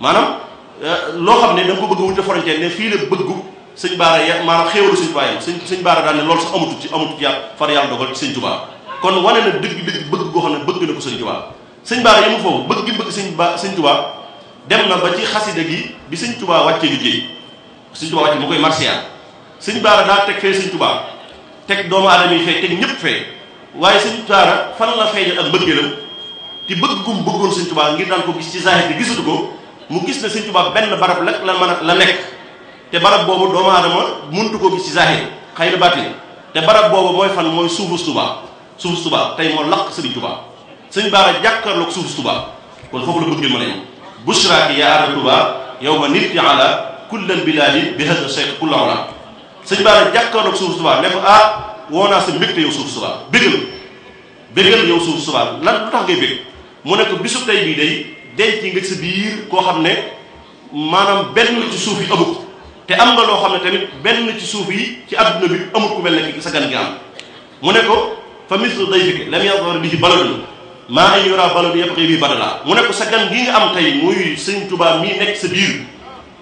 maanaam euh, loo xam ne da ko bëgg a wute frontière ne fii la bëggu sëñ baara ya maanaam xéewalu sëñ Tuubaa yi sëñ sëñ baara daal ne loolu sax amatu ci amatu ci yàlla far yàlla dogal ci sëñ Tuubaa kon wane na dëgg-dëgg bëgg goo xam ne bëgg na ko sëñ Tuubaa sëñ baara yamu foofu bëgg gi bëgg sëñ ba sëñ Tuubaa dem na ba ci xasida gi bi sëñ Tuubaa wàcce liggéey sëñ Tuubaa wàcce mu koy marsiyaal sëñ baara daa teg fee sëñ Tuubaa teg doomu aadama yi fee teg ñëpp fee waaye sëñ baara fan la feeñal ak bëggeelam te bëgg gum bëggoon sëñ Tuubaa ngir daan ko gis ci zahir bi gisatu ko mu gis ne sëñ Tuubaa benn barab lak la mën a la nekk te barab boobu doomu aadama muntu ko gis ci zahir xëy na baatin te barab boobu mooy fan mooy suufu Tuubaa suufu Tuubaa tey moo laq Sëriñ Tuubaa Sëriñ Baara jàkkaarloog suufu Tuubaa kon foofu la bëgg mën a yem bushra ki yaa ahla Tuubaa yawma nirti ala kullal bilaadi bi hada cheikh kulla ola Sëriñ Baara jàkkaarloog suufu Tuubaa ne ko ah woo naa sa mbégte yow suufu Tuubaa bégal bégal yow suufu Tuubaa lan lu tax ngay bég mu nekk ko bisub tey bii day denc nga sa biir koo xam ne maanaam benn ci suuf yi amut te am nga lo xamné tamit benn ci suuf yi ci aduna bi amul ku mel ne sa gan gi am mu ne ko fa mislu dayfik lam yadhar bihi baladun ma an yura baladun yabqi bi badala mu ne ko sa gan gi nga am tay muy sëñ touba mi nek sa biir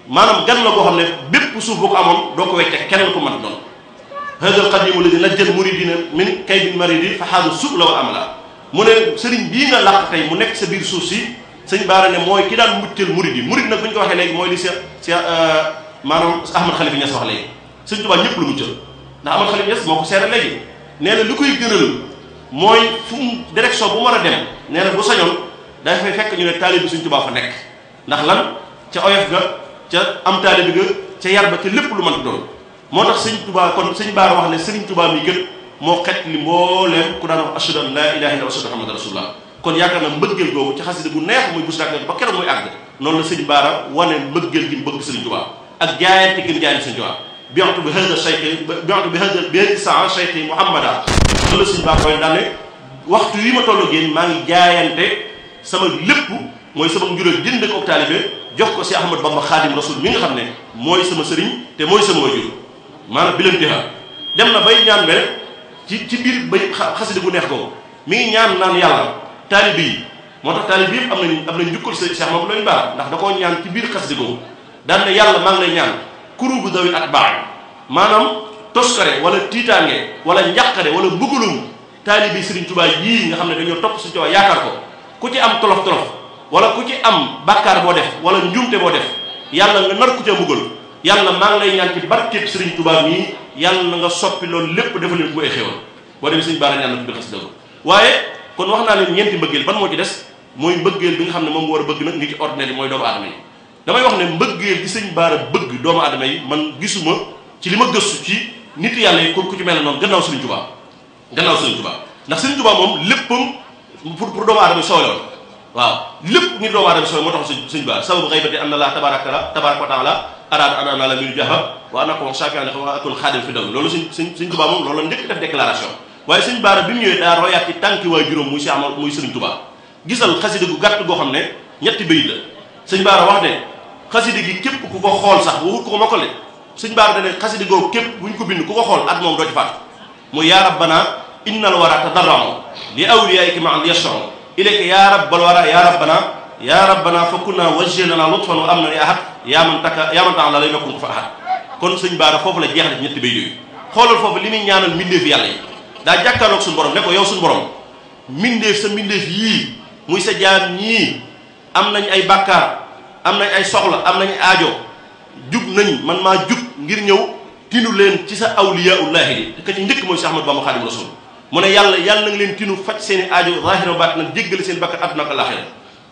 manam gan la ko xamné bépp suuf bu ko amoon do ko wecce kenn ko mat doon hada qadim alladhi najjal muridina min kayd al maridi fa hadu subla law amla mu ne sëriñ bii nga làq tay mu nek sa biir suuf ci sëñ Baara ne mooy ki daan muccal murid yi murid nag bu ko waxé légui moy li Cheikh Cheikh maanaam Ahmad Khalifa Niass wax léegi sëñ Tuubaa ñépp lu mu jël ndax Ahmad Khalifa Niass moo ko seere léegi nee na lu koy gënal mooy fu mu bu mu war a dem nee na bu sañoon dafay fekk ñu ne taalibe sëñ Tuubaa fa nekk ndax lan ca oyof ga ca am taalibe ga ca yar ba ca lépp lu mën doon moo tax sëñ Tuubaa kon sëñ Baara wax ne sëriñ Tuubaa mi gën moo xet li mbooleem ku daan wax ashhadu an laa ilaaha illallaah wa ashhadu anna muhammadan rasulullah kon yaakaar na mbëggeel bu neex muy bus naak ba keroog muy àgg noonu la sëñ Baara wane mbëggeel gi mu bëgg sëriñ ak jaayante gi jaayante Sëñ Tuubaa bi'tu bi hada shaykh bi'tu bi hada bi hada saa shaykh Muhammada loolu Sëñ Tuubaa koy daane waxtu yi ma toll ak maa ngi jaayante sama lépp mooy sama njuróom jënd ko ak taalibe jox ko si Ahmad Bamba Xaadim Rasul mi nga xam ne mooy sama sëriñ te mooy sama wajur maanaam bilantiha dem na bay ñaan be ci ci biir bay xasida bu neex ko mi ngi ñaan naan yàlla taalibe yi moo tax taalibe yëpp am nañ am nañ njukkal si Cheikh Mamadou Lamine Bara ndax da koo ñaan ci biir xasida googu daan na yàlla maa ngi lay ñaan kurubu dawit ak baax maanaam toskare wala tiitaange wala njàqare wala mbugalum taalibi Serigne Touba yii nga xam ne dañoo topp Serigne Touba yaakaar ko ku ci am tolof tolof wala ku ci am bàkkaar boo def wala njuumte boo def yàlla nga nar ku ca mbugal yàlla maa ngi lay ñaan ci barkeb Serigne Touba mii yàlla na nga soppi loolu lépp dafa leen ko ay xéewal boo demee Serigne Bara ñaan na ko bi xas dëgg waaye kon wax naa leen ñeenti mbëggeel ban moo ci des mooy mbëggeel bi nga xam ne moom war bëgg nag nit ci ordinaire mooy doomu aadama yi damay wax ne mbëggeel gi seigne bara bëgg doomu adama yi man gisuma ci lima geussu ci nit yalla yi ko ku ci mel non gannaaw seigne touba gannaaw seigne touba ndax seigne touba mom léppam pour pour doomu adama yi waaw lepp ngi doomu adama sooy moo tax sëñ baara sababu anna la tabaarak ta tabaarak wa taala arad an ana la min jaha wa ana ko shafi'an wa akul khadim fi dawl lolu seigne seigne touba mom lolu ndek def déclaration waye seigne bara bi mu da daa royaat ci tànki waa juróom muy cheikh amar muy seigne touba gisal khassida gu gatt go xamne ñetti beuy la seigne bara wax de xasida gi képp ku ko xool sax wut ko mokkale suñ baar dane xasida googu képp buñ ko bind ku ko xool at moom doo ci fàtt mu yaa rabbana innal wara tadarramu li awliyaika ma an yaa rabbal wara wa amnan ahad yaa man taka yaa man taala lay nokkum ko fa ahad foofu la jeexale ñetti bay yooyu li muy ñaanal mbindeef yàlla yi daa jàkkaarloog suñu borom ne am nañ ay bàkkaar am nañ ay soxla am nañ aajo jub nañ man maa jub ngir ñëw tinu leen ci sa awliyaullahi yi ka ci njëkk mooy Cheikh Ahmadou Bamba Xaadimu Rasuul mu ne yàlla yàlla nañ leen tinu faj seen i aajo zaahira na nag jéggale seen bakkat àdduna ak àllaaxira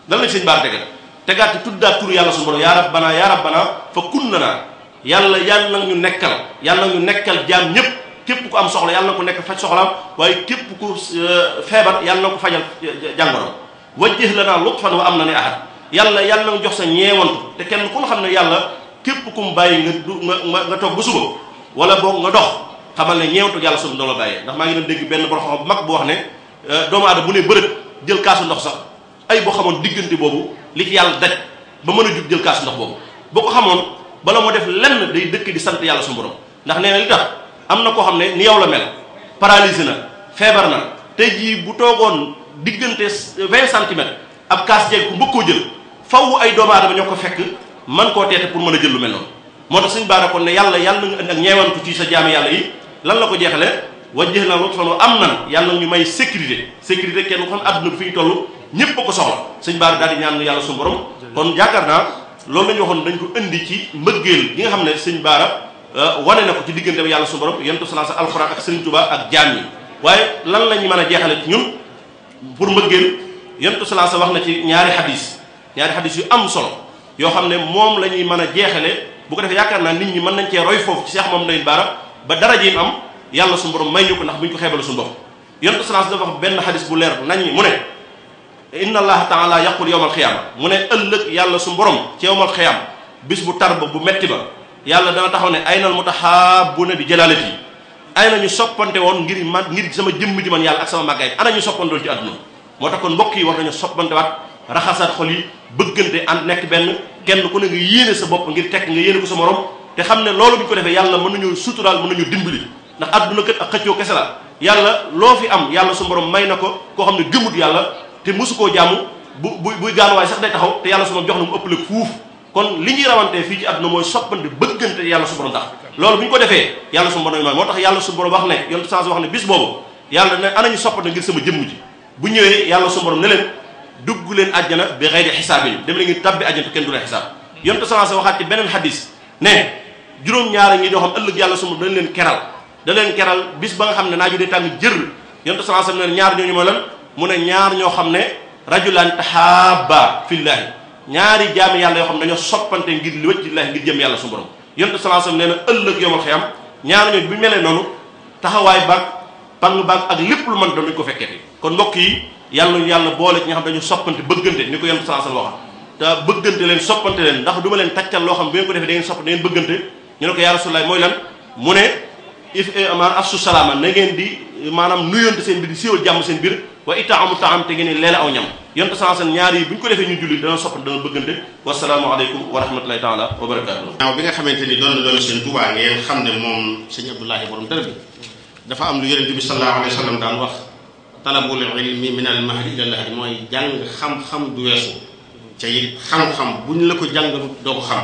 lan lañ seen baar tegal tegaat te tuddaat turu yàlla suñu borom yaa rabbana yaa rabbana fa kunna naa yàlla yàlla na ñu nekkal yàlla na ñu nekkal jaam ñëpp képp ku am soxla yàlla na ko nekk faj soxlaam waaye képp ku euh, feebar yàlla ko fajal jàngoro wajjih lana lutfan wa am na yàlla yàlla jox sa ñeewantu te kenn ku nga xam ne yàlla képp ku mu bàyyi nga du nga nga toog ba suba wala boog nga dox xamal ne ñeewantu yàlla suñu doo la bàyyee ndax maa ngi doon dégg benn borom mag bu wax ne euh, doomu aadama bu ne bërëb jël kaasu ndox sax ay boo xamoon diggante boobu li ci yàlla daj ba mën a jug jël kaasu ndox boobu boo ko xamoon bala moo def lenn day dëkk di sant yàlla suñu borom ndax nee na li tax am na koo xam ne ni yow la mel paralysé na feebar na te jii bu toogoon diggante vingt centimètres ab kaas jeeg ku mbëkkoo jël faw ay doomu ba ñoo ko fekk man koo teete pour mën a jël lu mel noonu moo tax suñ baara kon ne yàlla yàlla nga indi ak ñeewantu ci sa jaami yàlla yi lan la ko jeexale wajjeex na lutfan wa am nan yàlla ñu may sécurité sécurité kenn ko xam àdduna bi fi ñu ñépp a ko soxla suñ baara daal di ñaan yàlla suñu borom kon yaakaar naa loolu la ñu waxoon dañ ko indi ci mbëggeel gi nga xam ne suñ baara euh, wane na ko ci diggante yàlla suñu borom yentu salaam sa alxuraan ak sëriñ Tuubaa ak jaam yi waaye lan la ñu mën a jeexale ci ñun pour mbëggeel yentu salaam sa wax na ci ñaari hadis ñaari xadis yu am solo yoo xam ne moom la ñuy mën a jeexale bu ko defee yaakaar naa nit ñi mën nañ cee roy foofu ci Cheikh moom lañu baara ba dara ji am yàlla su mborom may ñu ko ndax bu ñu ko xeebale suñu bopp yonent salaas dafa wax benn xadis bu leer nañ mu ne inna allaha taala yaqul yawmal xiyaama mu ne ëllëg yàlla su mborom ci yawmal xiyaam bis bu tar ba bu metti ba yàlla tax taxaw ne aynal mutahaabbuuna bi jalaalati ay nañu soppante woon ngir man ngir sama jëmm ji man yàlla ak sama màggaay ana ñu soppandool ci àdduna yi war nañu soppante waat raxasaat xol bëggante ànd nekk benn kenn ku ne nga yéene sa bopp ngir tekk nga yéene ko sa morom te xam ne loolu bu ñu ko defee yàlla mën nañu suturaal mën nañu dimbali ndax àdduna kët ak xëccoo kese la yàlla loo fi am yàlla su borom may na ko koo xam ne gëmut yàlla te mosu koo jaamu bu bu buy gaanuwaay sax day taxaw te yàlla su borom jox na mu ëppale kon li ñuy rawantee fii ci àdduna mooy soppante bëggante yàlla su borom tax loolu bu ñu ko defee yàlla su moo tax yàlla su borom wax ne yonent sans wax ne bis boobu yàlla ne anañu soppante ngir sama jëmm ji bu ñëwee yàlla su borom ne dugg leen àjjana bi xëy di xisaabin dem leen ngeen tabbi àjjana kenn du leen xisaab yonte sa sa waxaat ci beneen xadis ne juróom-ñaar ngi ñoo xam ëllëg yàlla suma dañ leen keral dañ leen keral bis ba nga xam ne naaju dee tàng jër yonte sa sa ne ñaar ñooñu mooy lan mu ne ñaar ñoo xam ne rajulan tahaba fillahi ñaari jaami yàlla yoo xam ne dañoo soppante ngir li wajjillahi ngir jëm yàlla sumu borom yonte sa sa ne na ëllëg yomal xiyam ñaar ñooñu bi melee noonu taxawaay baag bang baag ak lépp lu mën doon ko fekkete kon mbokk yi yàlla ñu yàlla boole ci nga xam dañu soppante bëggante ni ko yent saa sal waxam te bëggante leen ndax du ma leen tàccal loo xam bu ngeen ko defee da ngeen sopp da ngeen bëggante mooy lan mu ne if eh, assu salaama na ngeen di maanaam nuyonte seen biir di siiwal jàmm seen biir wa itaamu taam te ngeen di leela aw ñam yonte saa sal ñaar yi bu ñu ko defee ñu julli dana soppante dana bëggante wasalaamu aleykum wa rahmatullahi taala wa bi nga xamante ni doon na doon seen tubaa ngeen xam ne moom sëñ abdoulahi borom dara bi dafa am lu yonente bi sallallahu alayhi wa sallam daan wax talabul ilmi min al mahdi ila al lahdi mooy jàng xam-xam du weesu ca it xam-xam buñ la ko jàng doo ko xam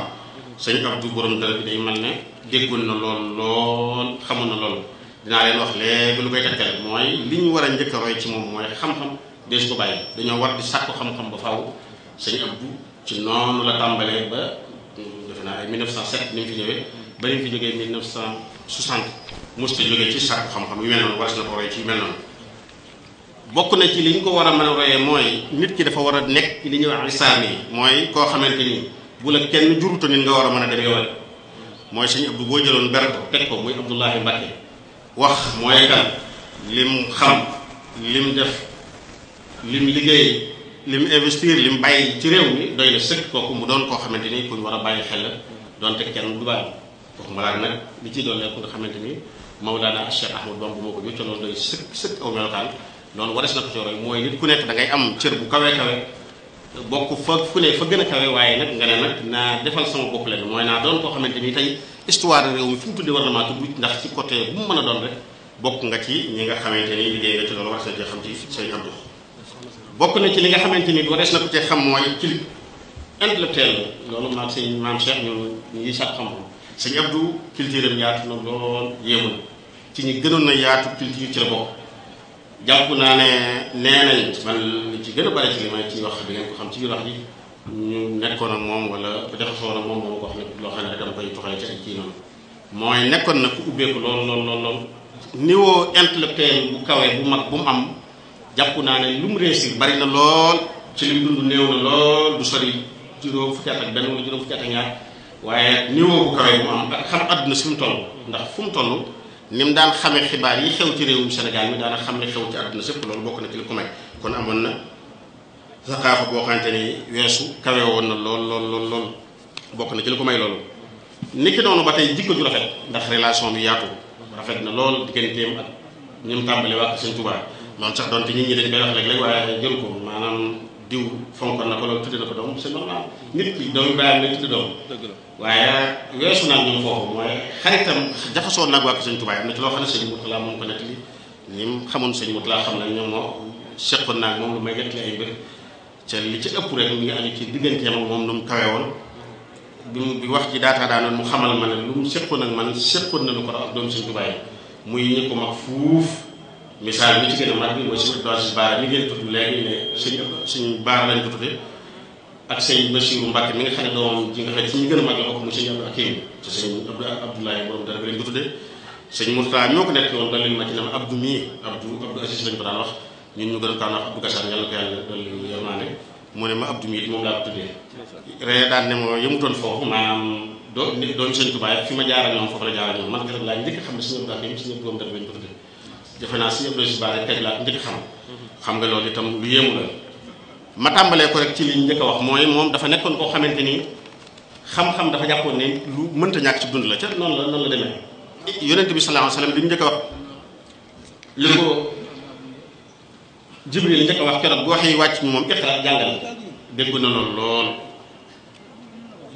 sëñ Abdou borom dara bi day mel ne déggoon na lool lool xamoon na loolu dinaa leen wax léegi lu koy tegtale mooy li ñu war a njëkk a roy ci moom mooy xam-xam ko bàyyi dañoo war di sàkku xam-xam ba faaw sëñ Abdou ci noonu la tàmbalee ba defe naa ay 1907 mu fi ñëwee ba ni jógee 1960 mosut a jógee ci sàkku xam-xam yu mel noonu war na ko roy ci yu mel noonu. bokk na ci li liñ ko war a mën a royee mooy nit ki dafa war a nekk li ñu wax isaam yi mooy koo xamante ni bu la kenn juruta nit nga war a mën a dem yoon mooy sëñ Abdou boo jëloon ber ko teg ko muy Abdoulahi wax mooy kan lim xam lim def lim liggéey lim investir lim bàyyi ci réew mi doy na sëkk kooku mu doon koo xamante ni kuñ war a bàyyi xel la donte kenn du bàyyi kooku ma laal nag li ci doon nekk nga xamante ni Mawlana Cheikh Ahmad Bamba moo ko jox loolu doy sëkk sëkk aw melokaan loolu warees na ko ci roy mooy nit ku nekk da ngay am cër bu kawe kawe bokk fa fu ne fa gën a kawe waaye nag nga ne nag naa defal sama bopp leen mooy naa doon koo xamante ni tey histoire réew mi fi mu tudd war na maa tudd ndax ci côté bu mu mën ci ñi nga xamante ni liggéey nga ci warees na cee xam ci say Abdou bokk na ci li nga xamante ni warees na ko cee xam mooy ci intellectuel loolu maam sëñ maam Cheikh ñoom ñu ngi sàq xam-xam sëñ Abdou culture am yaatu gënoon na yaatu culture ci la jàpp naa ne nee nañ man li ci gën a bari ci li may ci wax di ko xam ci biir wax ji ñu nekkoon ak moom wala jaxasoo ak moom moom ko loo xam ne rek dama koy toxale ci ay kii noonu mooy nekkoon na ku ubbeeku lool lool lool lool niveau bu kawee bu mag bu mu am jàpp naa ne lu mu réussir bari na lool ci li mu dund néew na lool du sori juróom fukki at ak benn juróom fukki at ak ñaar waaye niveau bu kawee bu mu am xam àdduna si mu toll ndax fu mu toll ni mu daan xame xibaar yi xew ci réewum senegal mi daana xam ne xew ci àdduna sépp loolu bokk na ci li ko may kon amoon na saqaafa boo xamante ne weesu kawe woon na lool lool lool lool bokk na ci li ko may loolu niki noonu ba tey dikk ju rafet ndax relation bi yaatu rafet na lool digganteem ak ñi mu tàmbali wax Sëñ Tuubaa noonu sax ñu nit ñi dañ koy wax léeg-léeg waaye jël ko maanaam diw fonk na ko loolu tudde na ko doom c'est normal nit ki doomu bàyyam lay tudde doom waaye weesu am na ci loo xam ne sëñ Murtala moom ko nekk li ñim xamoon sëñ Murtala xam nañ ñoom moo seqoon naag moom lu may nekk ay mbir ca li ci ëpp rek mi ngi aju ci digganteem ak moom lu mu kawe woon bi mu bi wax ci daataa daanoon mu xamal ma ne lu mu seqoon ak man seqoon na lu ko raw ak doomu sëñ muy ñi mag fuuf misaal bi ci gën a mag bi mooy sëñ Abdoulaye Baara mi ngeen tudd léegi ne sëñ sëñ Baara lañ ko tuddee ak sëñ Bachirou Mbacke mi nga xam ne doomam ji nga xam ne ci ñu gën a mag la bokk mu sëñ Abdou Akim te sëñ Abdou Abdoulaye borom dara lañ ko tuddee sëñ Mourtada ñoo ko nekk woon dalil ma ci nam Abdou mii Abdou Abdou Aziz lañ ko daan wax ñun ñu gën a taan wax Abdou Kassar yàlla ko yàlla dalil yërmaane mu ne ma Abdou mii moom laa ko tuddee ree daan ne ma yëmutoon foofu maanaam doo doomu sëñ Touba fi ma jaara ñoom foofu la jaara ñoom man ka rek laa njëkk xam ne sëñ Abdou Akim sëñ Abdou borom dara lañ ko tuddee defe naa si yëpp logis baare njëkk xam xam nga loolu itam lu yéemu la ma tàmbalee ko rek ci li njëkk a wax mooy moom dafa nekkoon koo xamante ni xam-xam dafa jàppoon ne lu mënta ñàkk ci dund la ca noonu la noonu la demee yonent bi sallallahu alayhi wasallam li mu njëkk a wax li ko jibril wax keroog bu waxee wàcc moom iqra jàngal dégg na loolu lool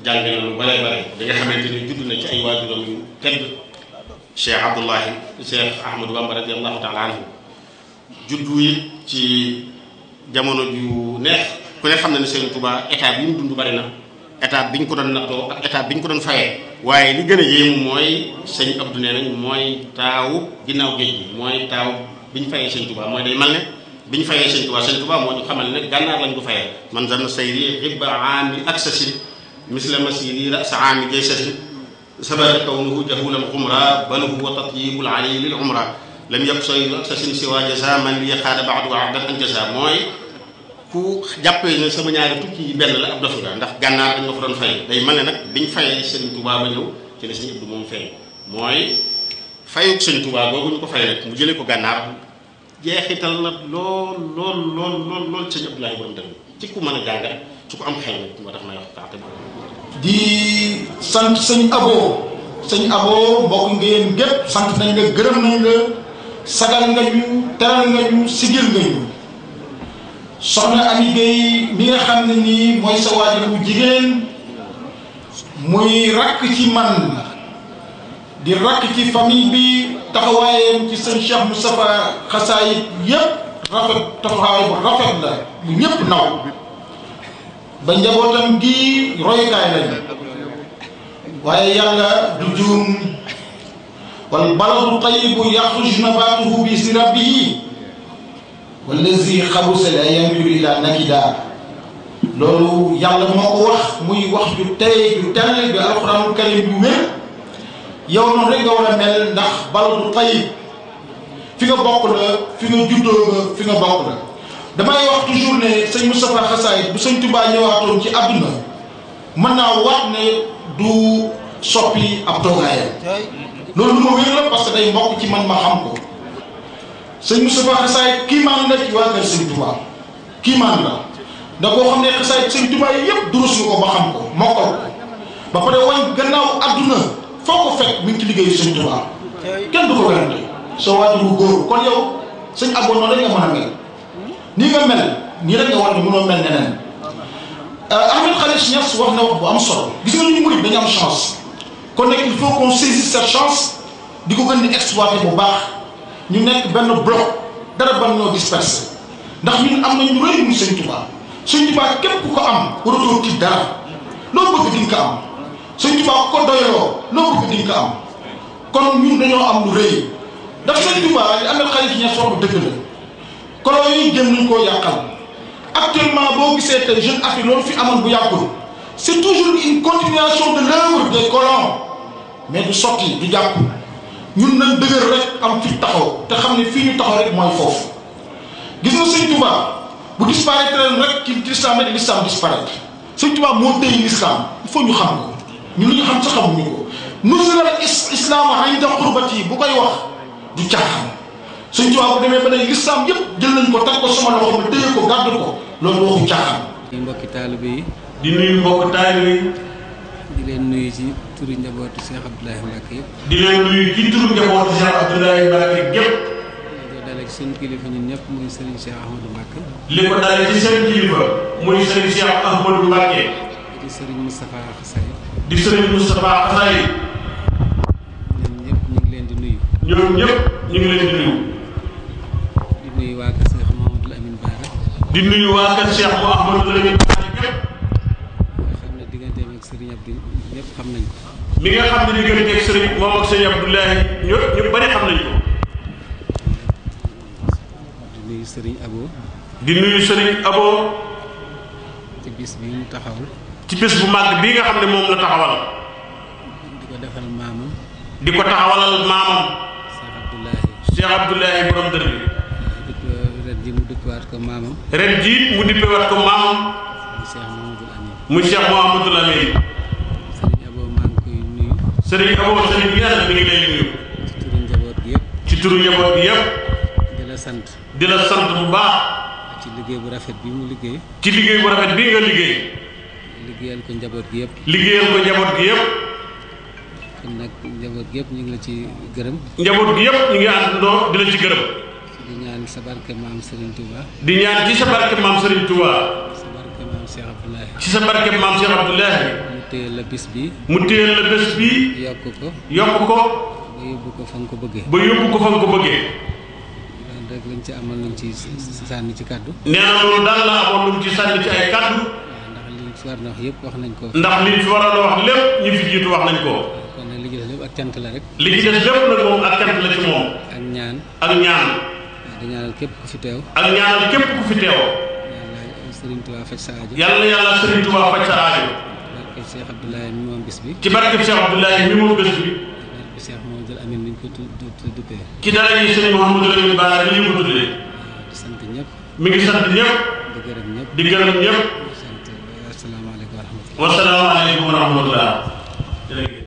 jàng na lu bare bare di nga xamante ni judd na ci ay waajuram yu tedd cheikh abdullahi cheikh ahmadou bamba radiallahu taala anhu juddu yi ci jamono ju neex ku ne xam na ne seen Tuubaa étape yi mu dund bari na étape bi ñu ko doon nattoo ak étape bi ñu ko doon fayee waaye li gën a yéemu mooy sëñ Abdou nee nañ mooy taawu ginnaaw géej gi mooy taaw bi ñu fayee seen Tuubaa mooy day mel ne bi ñu fayee sëñ Tuubaa sëñ Tuubaa moo ñu xamal ne gànnaar lañ ko fayee man zanna sayri xibba aami ak sa si misla masiri la sa aami jay sa si sabara kawnuhu jahula al-ghumra bal huwa tatyibu al-ali lil umra lam yab soy sa sin siwa jasa man li xaada baadu abdan an jasa ne sama ñaari tukki benn la ndax gànnaar dañ ko doon fay day mel ne nag biñ fayee Sëriñ Tuubaa ba ñëw ci la Sëriñ Abdu moom fay mooy fayu Sëriñ Tuubaa boobu ñu nag mu jëlee ko gànnaar jeexital na lool lool lool lool lool Sëriñ Abdoulaye borom dem ci ku mën a jàng su ko am xel nag moo tax may wax kaate di sant sëñ aboo sëñ aboo bokk ngeen gépp sant nañ la gërëm nañ la sagal nga ñu teral nga ñu sigil nga ñu soxna Ami Gueye mi nga xam ne nii mooy sa waajur bu jigéen muy rakk ci man di rakk ci famille bi taxawaayam ci sëñ Cheikh Moustapha xasaayit yépp rafet taxawaay bu rafet la bu ñépp naw ba njabootam gi royukaay lañ waaye yàlla du juum wal baladu tayibu yaxruj nabaatuhu bi izni rabbihi wallazi xabusa la yamilu ila nakida loolu yàlla moo ko wax muy wax ju tey ju tell bi alxuraanul karim bu yow noonu rek nga war mel ndax baladu tayib fi nga bokk la fi nga juddoo ba fi nga bokk la damay wax toujours ne sëñ Moustapha Xasaayit bu sëñ Touba ñëwaatoon ci àdduna mën naa wax ne du soppi ab toogaayam loolu lu ma wér la parce day mbokk ci man ma xam ko sëñ Moustapha Xasaayit kiimaan la ci waa kër sëñ Touba kiimaan la da koo xam ne xasaayit sëñ Touba yëpp durus nga ko ba xam ko mokkal ko ba pare wañ gannaaw àdduna foo ko fekk mi ngi ci liggéeyu sëñ Touba kenn du ko werante soo waajuru góor kon yow sëñ Abo noonu rek nga mën a mel nii nga mel nii rek nga war ni mënoo mel neneen euh, Ahmed Khalish Niass wax na wax bu am solo gis nga ñu murid dañu am chance kon nag il faut qu'on saisisse cette chance di ko gën di exploiter bu baax ñu nekk benn bloc dara ban ñoo dispersé ndax ñun am nañu rëy mu Sëñ Tuubaa Sëñ Tuubaa képp ku ko am waratoo tiit dara loo bëgg di nga ko am Sëñ Tuubaa ko doyaloo loo ko di nga ko am kon ñun dañoo am lu rëy ndax Sëñ Tuubaa li Ahmed Khalish Niass wax dëgg colon yi jëm nañ koo yàqal actuellement boo gisee te Jeune Afrique loolu fi amoon bu yàggul c'est toujours une continuation de l'œuvre des colons mais du sotti du jàpp ñun nañ dëgër rek am fi taxaw te xam ne fii ñu taxaw rek mooy foofu gis nga sëñ Touba bu disparaître rek ci l'islam rek l'islam disparaître sëñ Touba moo téye l'islam il ñu xam ko ñun lu ñu xam sa xamuñu ko nusra al islam inda qurbati bu koy wax du caaxaan suñ tubaab bu demee ba ne lislaam yëpp jël nañ ko teg ko sama loxo bi téye ko gàddu ko loolu waxu caaxaan. di nuyu mbokki taalibe yi. di nuyu mbokki taalibe yi. di leen nuyu ci turu njabootu Cheikh Abdoulaye Mbacke yëpp. di leen nuyu ci turu njabootu Cheikh Abdoulaye Mbacke yëpp. li ko dalee ci seen kilifa ñun ñëpp muy Serigne Cheikh Ahmadou li ko dalee ci seen kilifa muy Serigne Cheikh Ahmadou Mbacke. di Serigne Moustapha Xassay. di Serigne Moustapha Xassay. ñoom ñëpp ñu leen di nuyu. ñoom nuyu waa kër Cheikh Mouhamadou Lamine Bara di nuyu waa kër Cheikh Mouhamadou Lamine Bara xam ne digganteem ak Serigne Abdou ñëpp xam nañ ko mi nga xam ne diggante ak Serigne moom ak Serigne Abdoulahi ñu bari xam nañ ko di nuyu Serigne Abo di nuyu Serigne Abo ci bis bi mu taxawal ci bis bu mag bi nga xam ne la taxawal defal taxawalal Cheikh borom mamam ren ji mu dippé wat ko mamam mu cheikh mohamadou lamine serigne abo mang koy nuyu serigne abo serigne yalla mi ngi lay nuyu ci turu njabot gi yeb ci turu njabot gi yeb dila sante dila sante bu baax ci liggéey bu rafet bi mu liggéey ci liggéey bu rafet bi nga liggéey liggéeyal ko njabot gi yeb liggéeyal ko njabot gi yeb nak njabot gi yeb ñu ngi la ci gërëm njabot gi yeb ñu ngi andoo ci gërëm ñaan sa ke maam Serigne Touba di ñaan ci sa barke maam Serigne Touba sa ke maam Cheikh Abdoulaye ci maam Cheikh mu bis bi mu téyel bi yokk iya, iya, ko yokk ko ba yóbbu ko fa ko bëggee ba yóbbu ko fa ko bëggee rek lañ ci amal luñ ci sànni ci kaddu nee na loolu la amal luñ ci sànni ci ay kaddu ndax liñ fi war na wax wax nañ ko ndax war wax ñi fi wax nañ ko kon li ci ak la rek li ci ak la ci ak ñaan ak ñaan di ñaanal képp ku fi teew. ak ñaanal képp ku fi teew. yàlla Serigne Touba faj sa aajo. yàlla yàlla Serigne Touba faj sa aajo. ci barke Cheikh Abdoulaye mi moom bis bi. ci barke Cheikh Abdoulaye mi moom bis bi. barke Cheikh Mouhamadou Amine mi ñu ko tuddee. ci dara yi Serigne Mouhamadou Amine Bara li ñu ko tuddee. di sant ñëpp. mi ngi sant ñëpp. di gërëm ñëpp di gërëm ñëpp. wasalaamaaleykum wa rahmatulah. wasalaamaaleykum wa rahmatulah.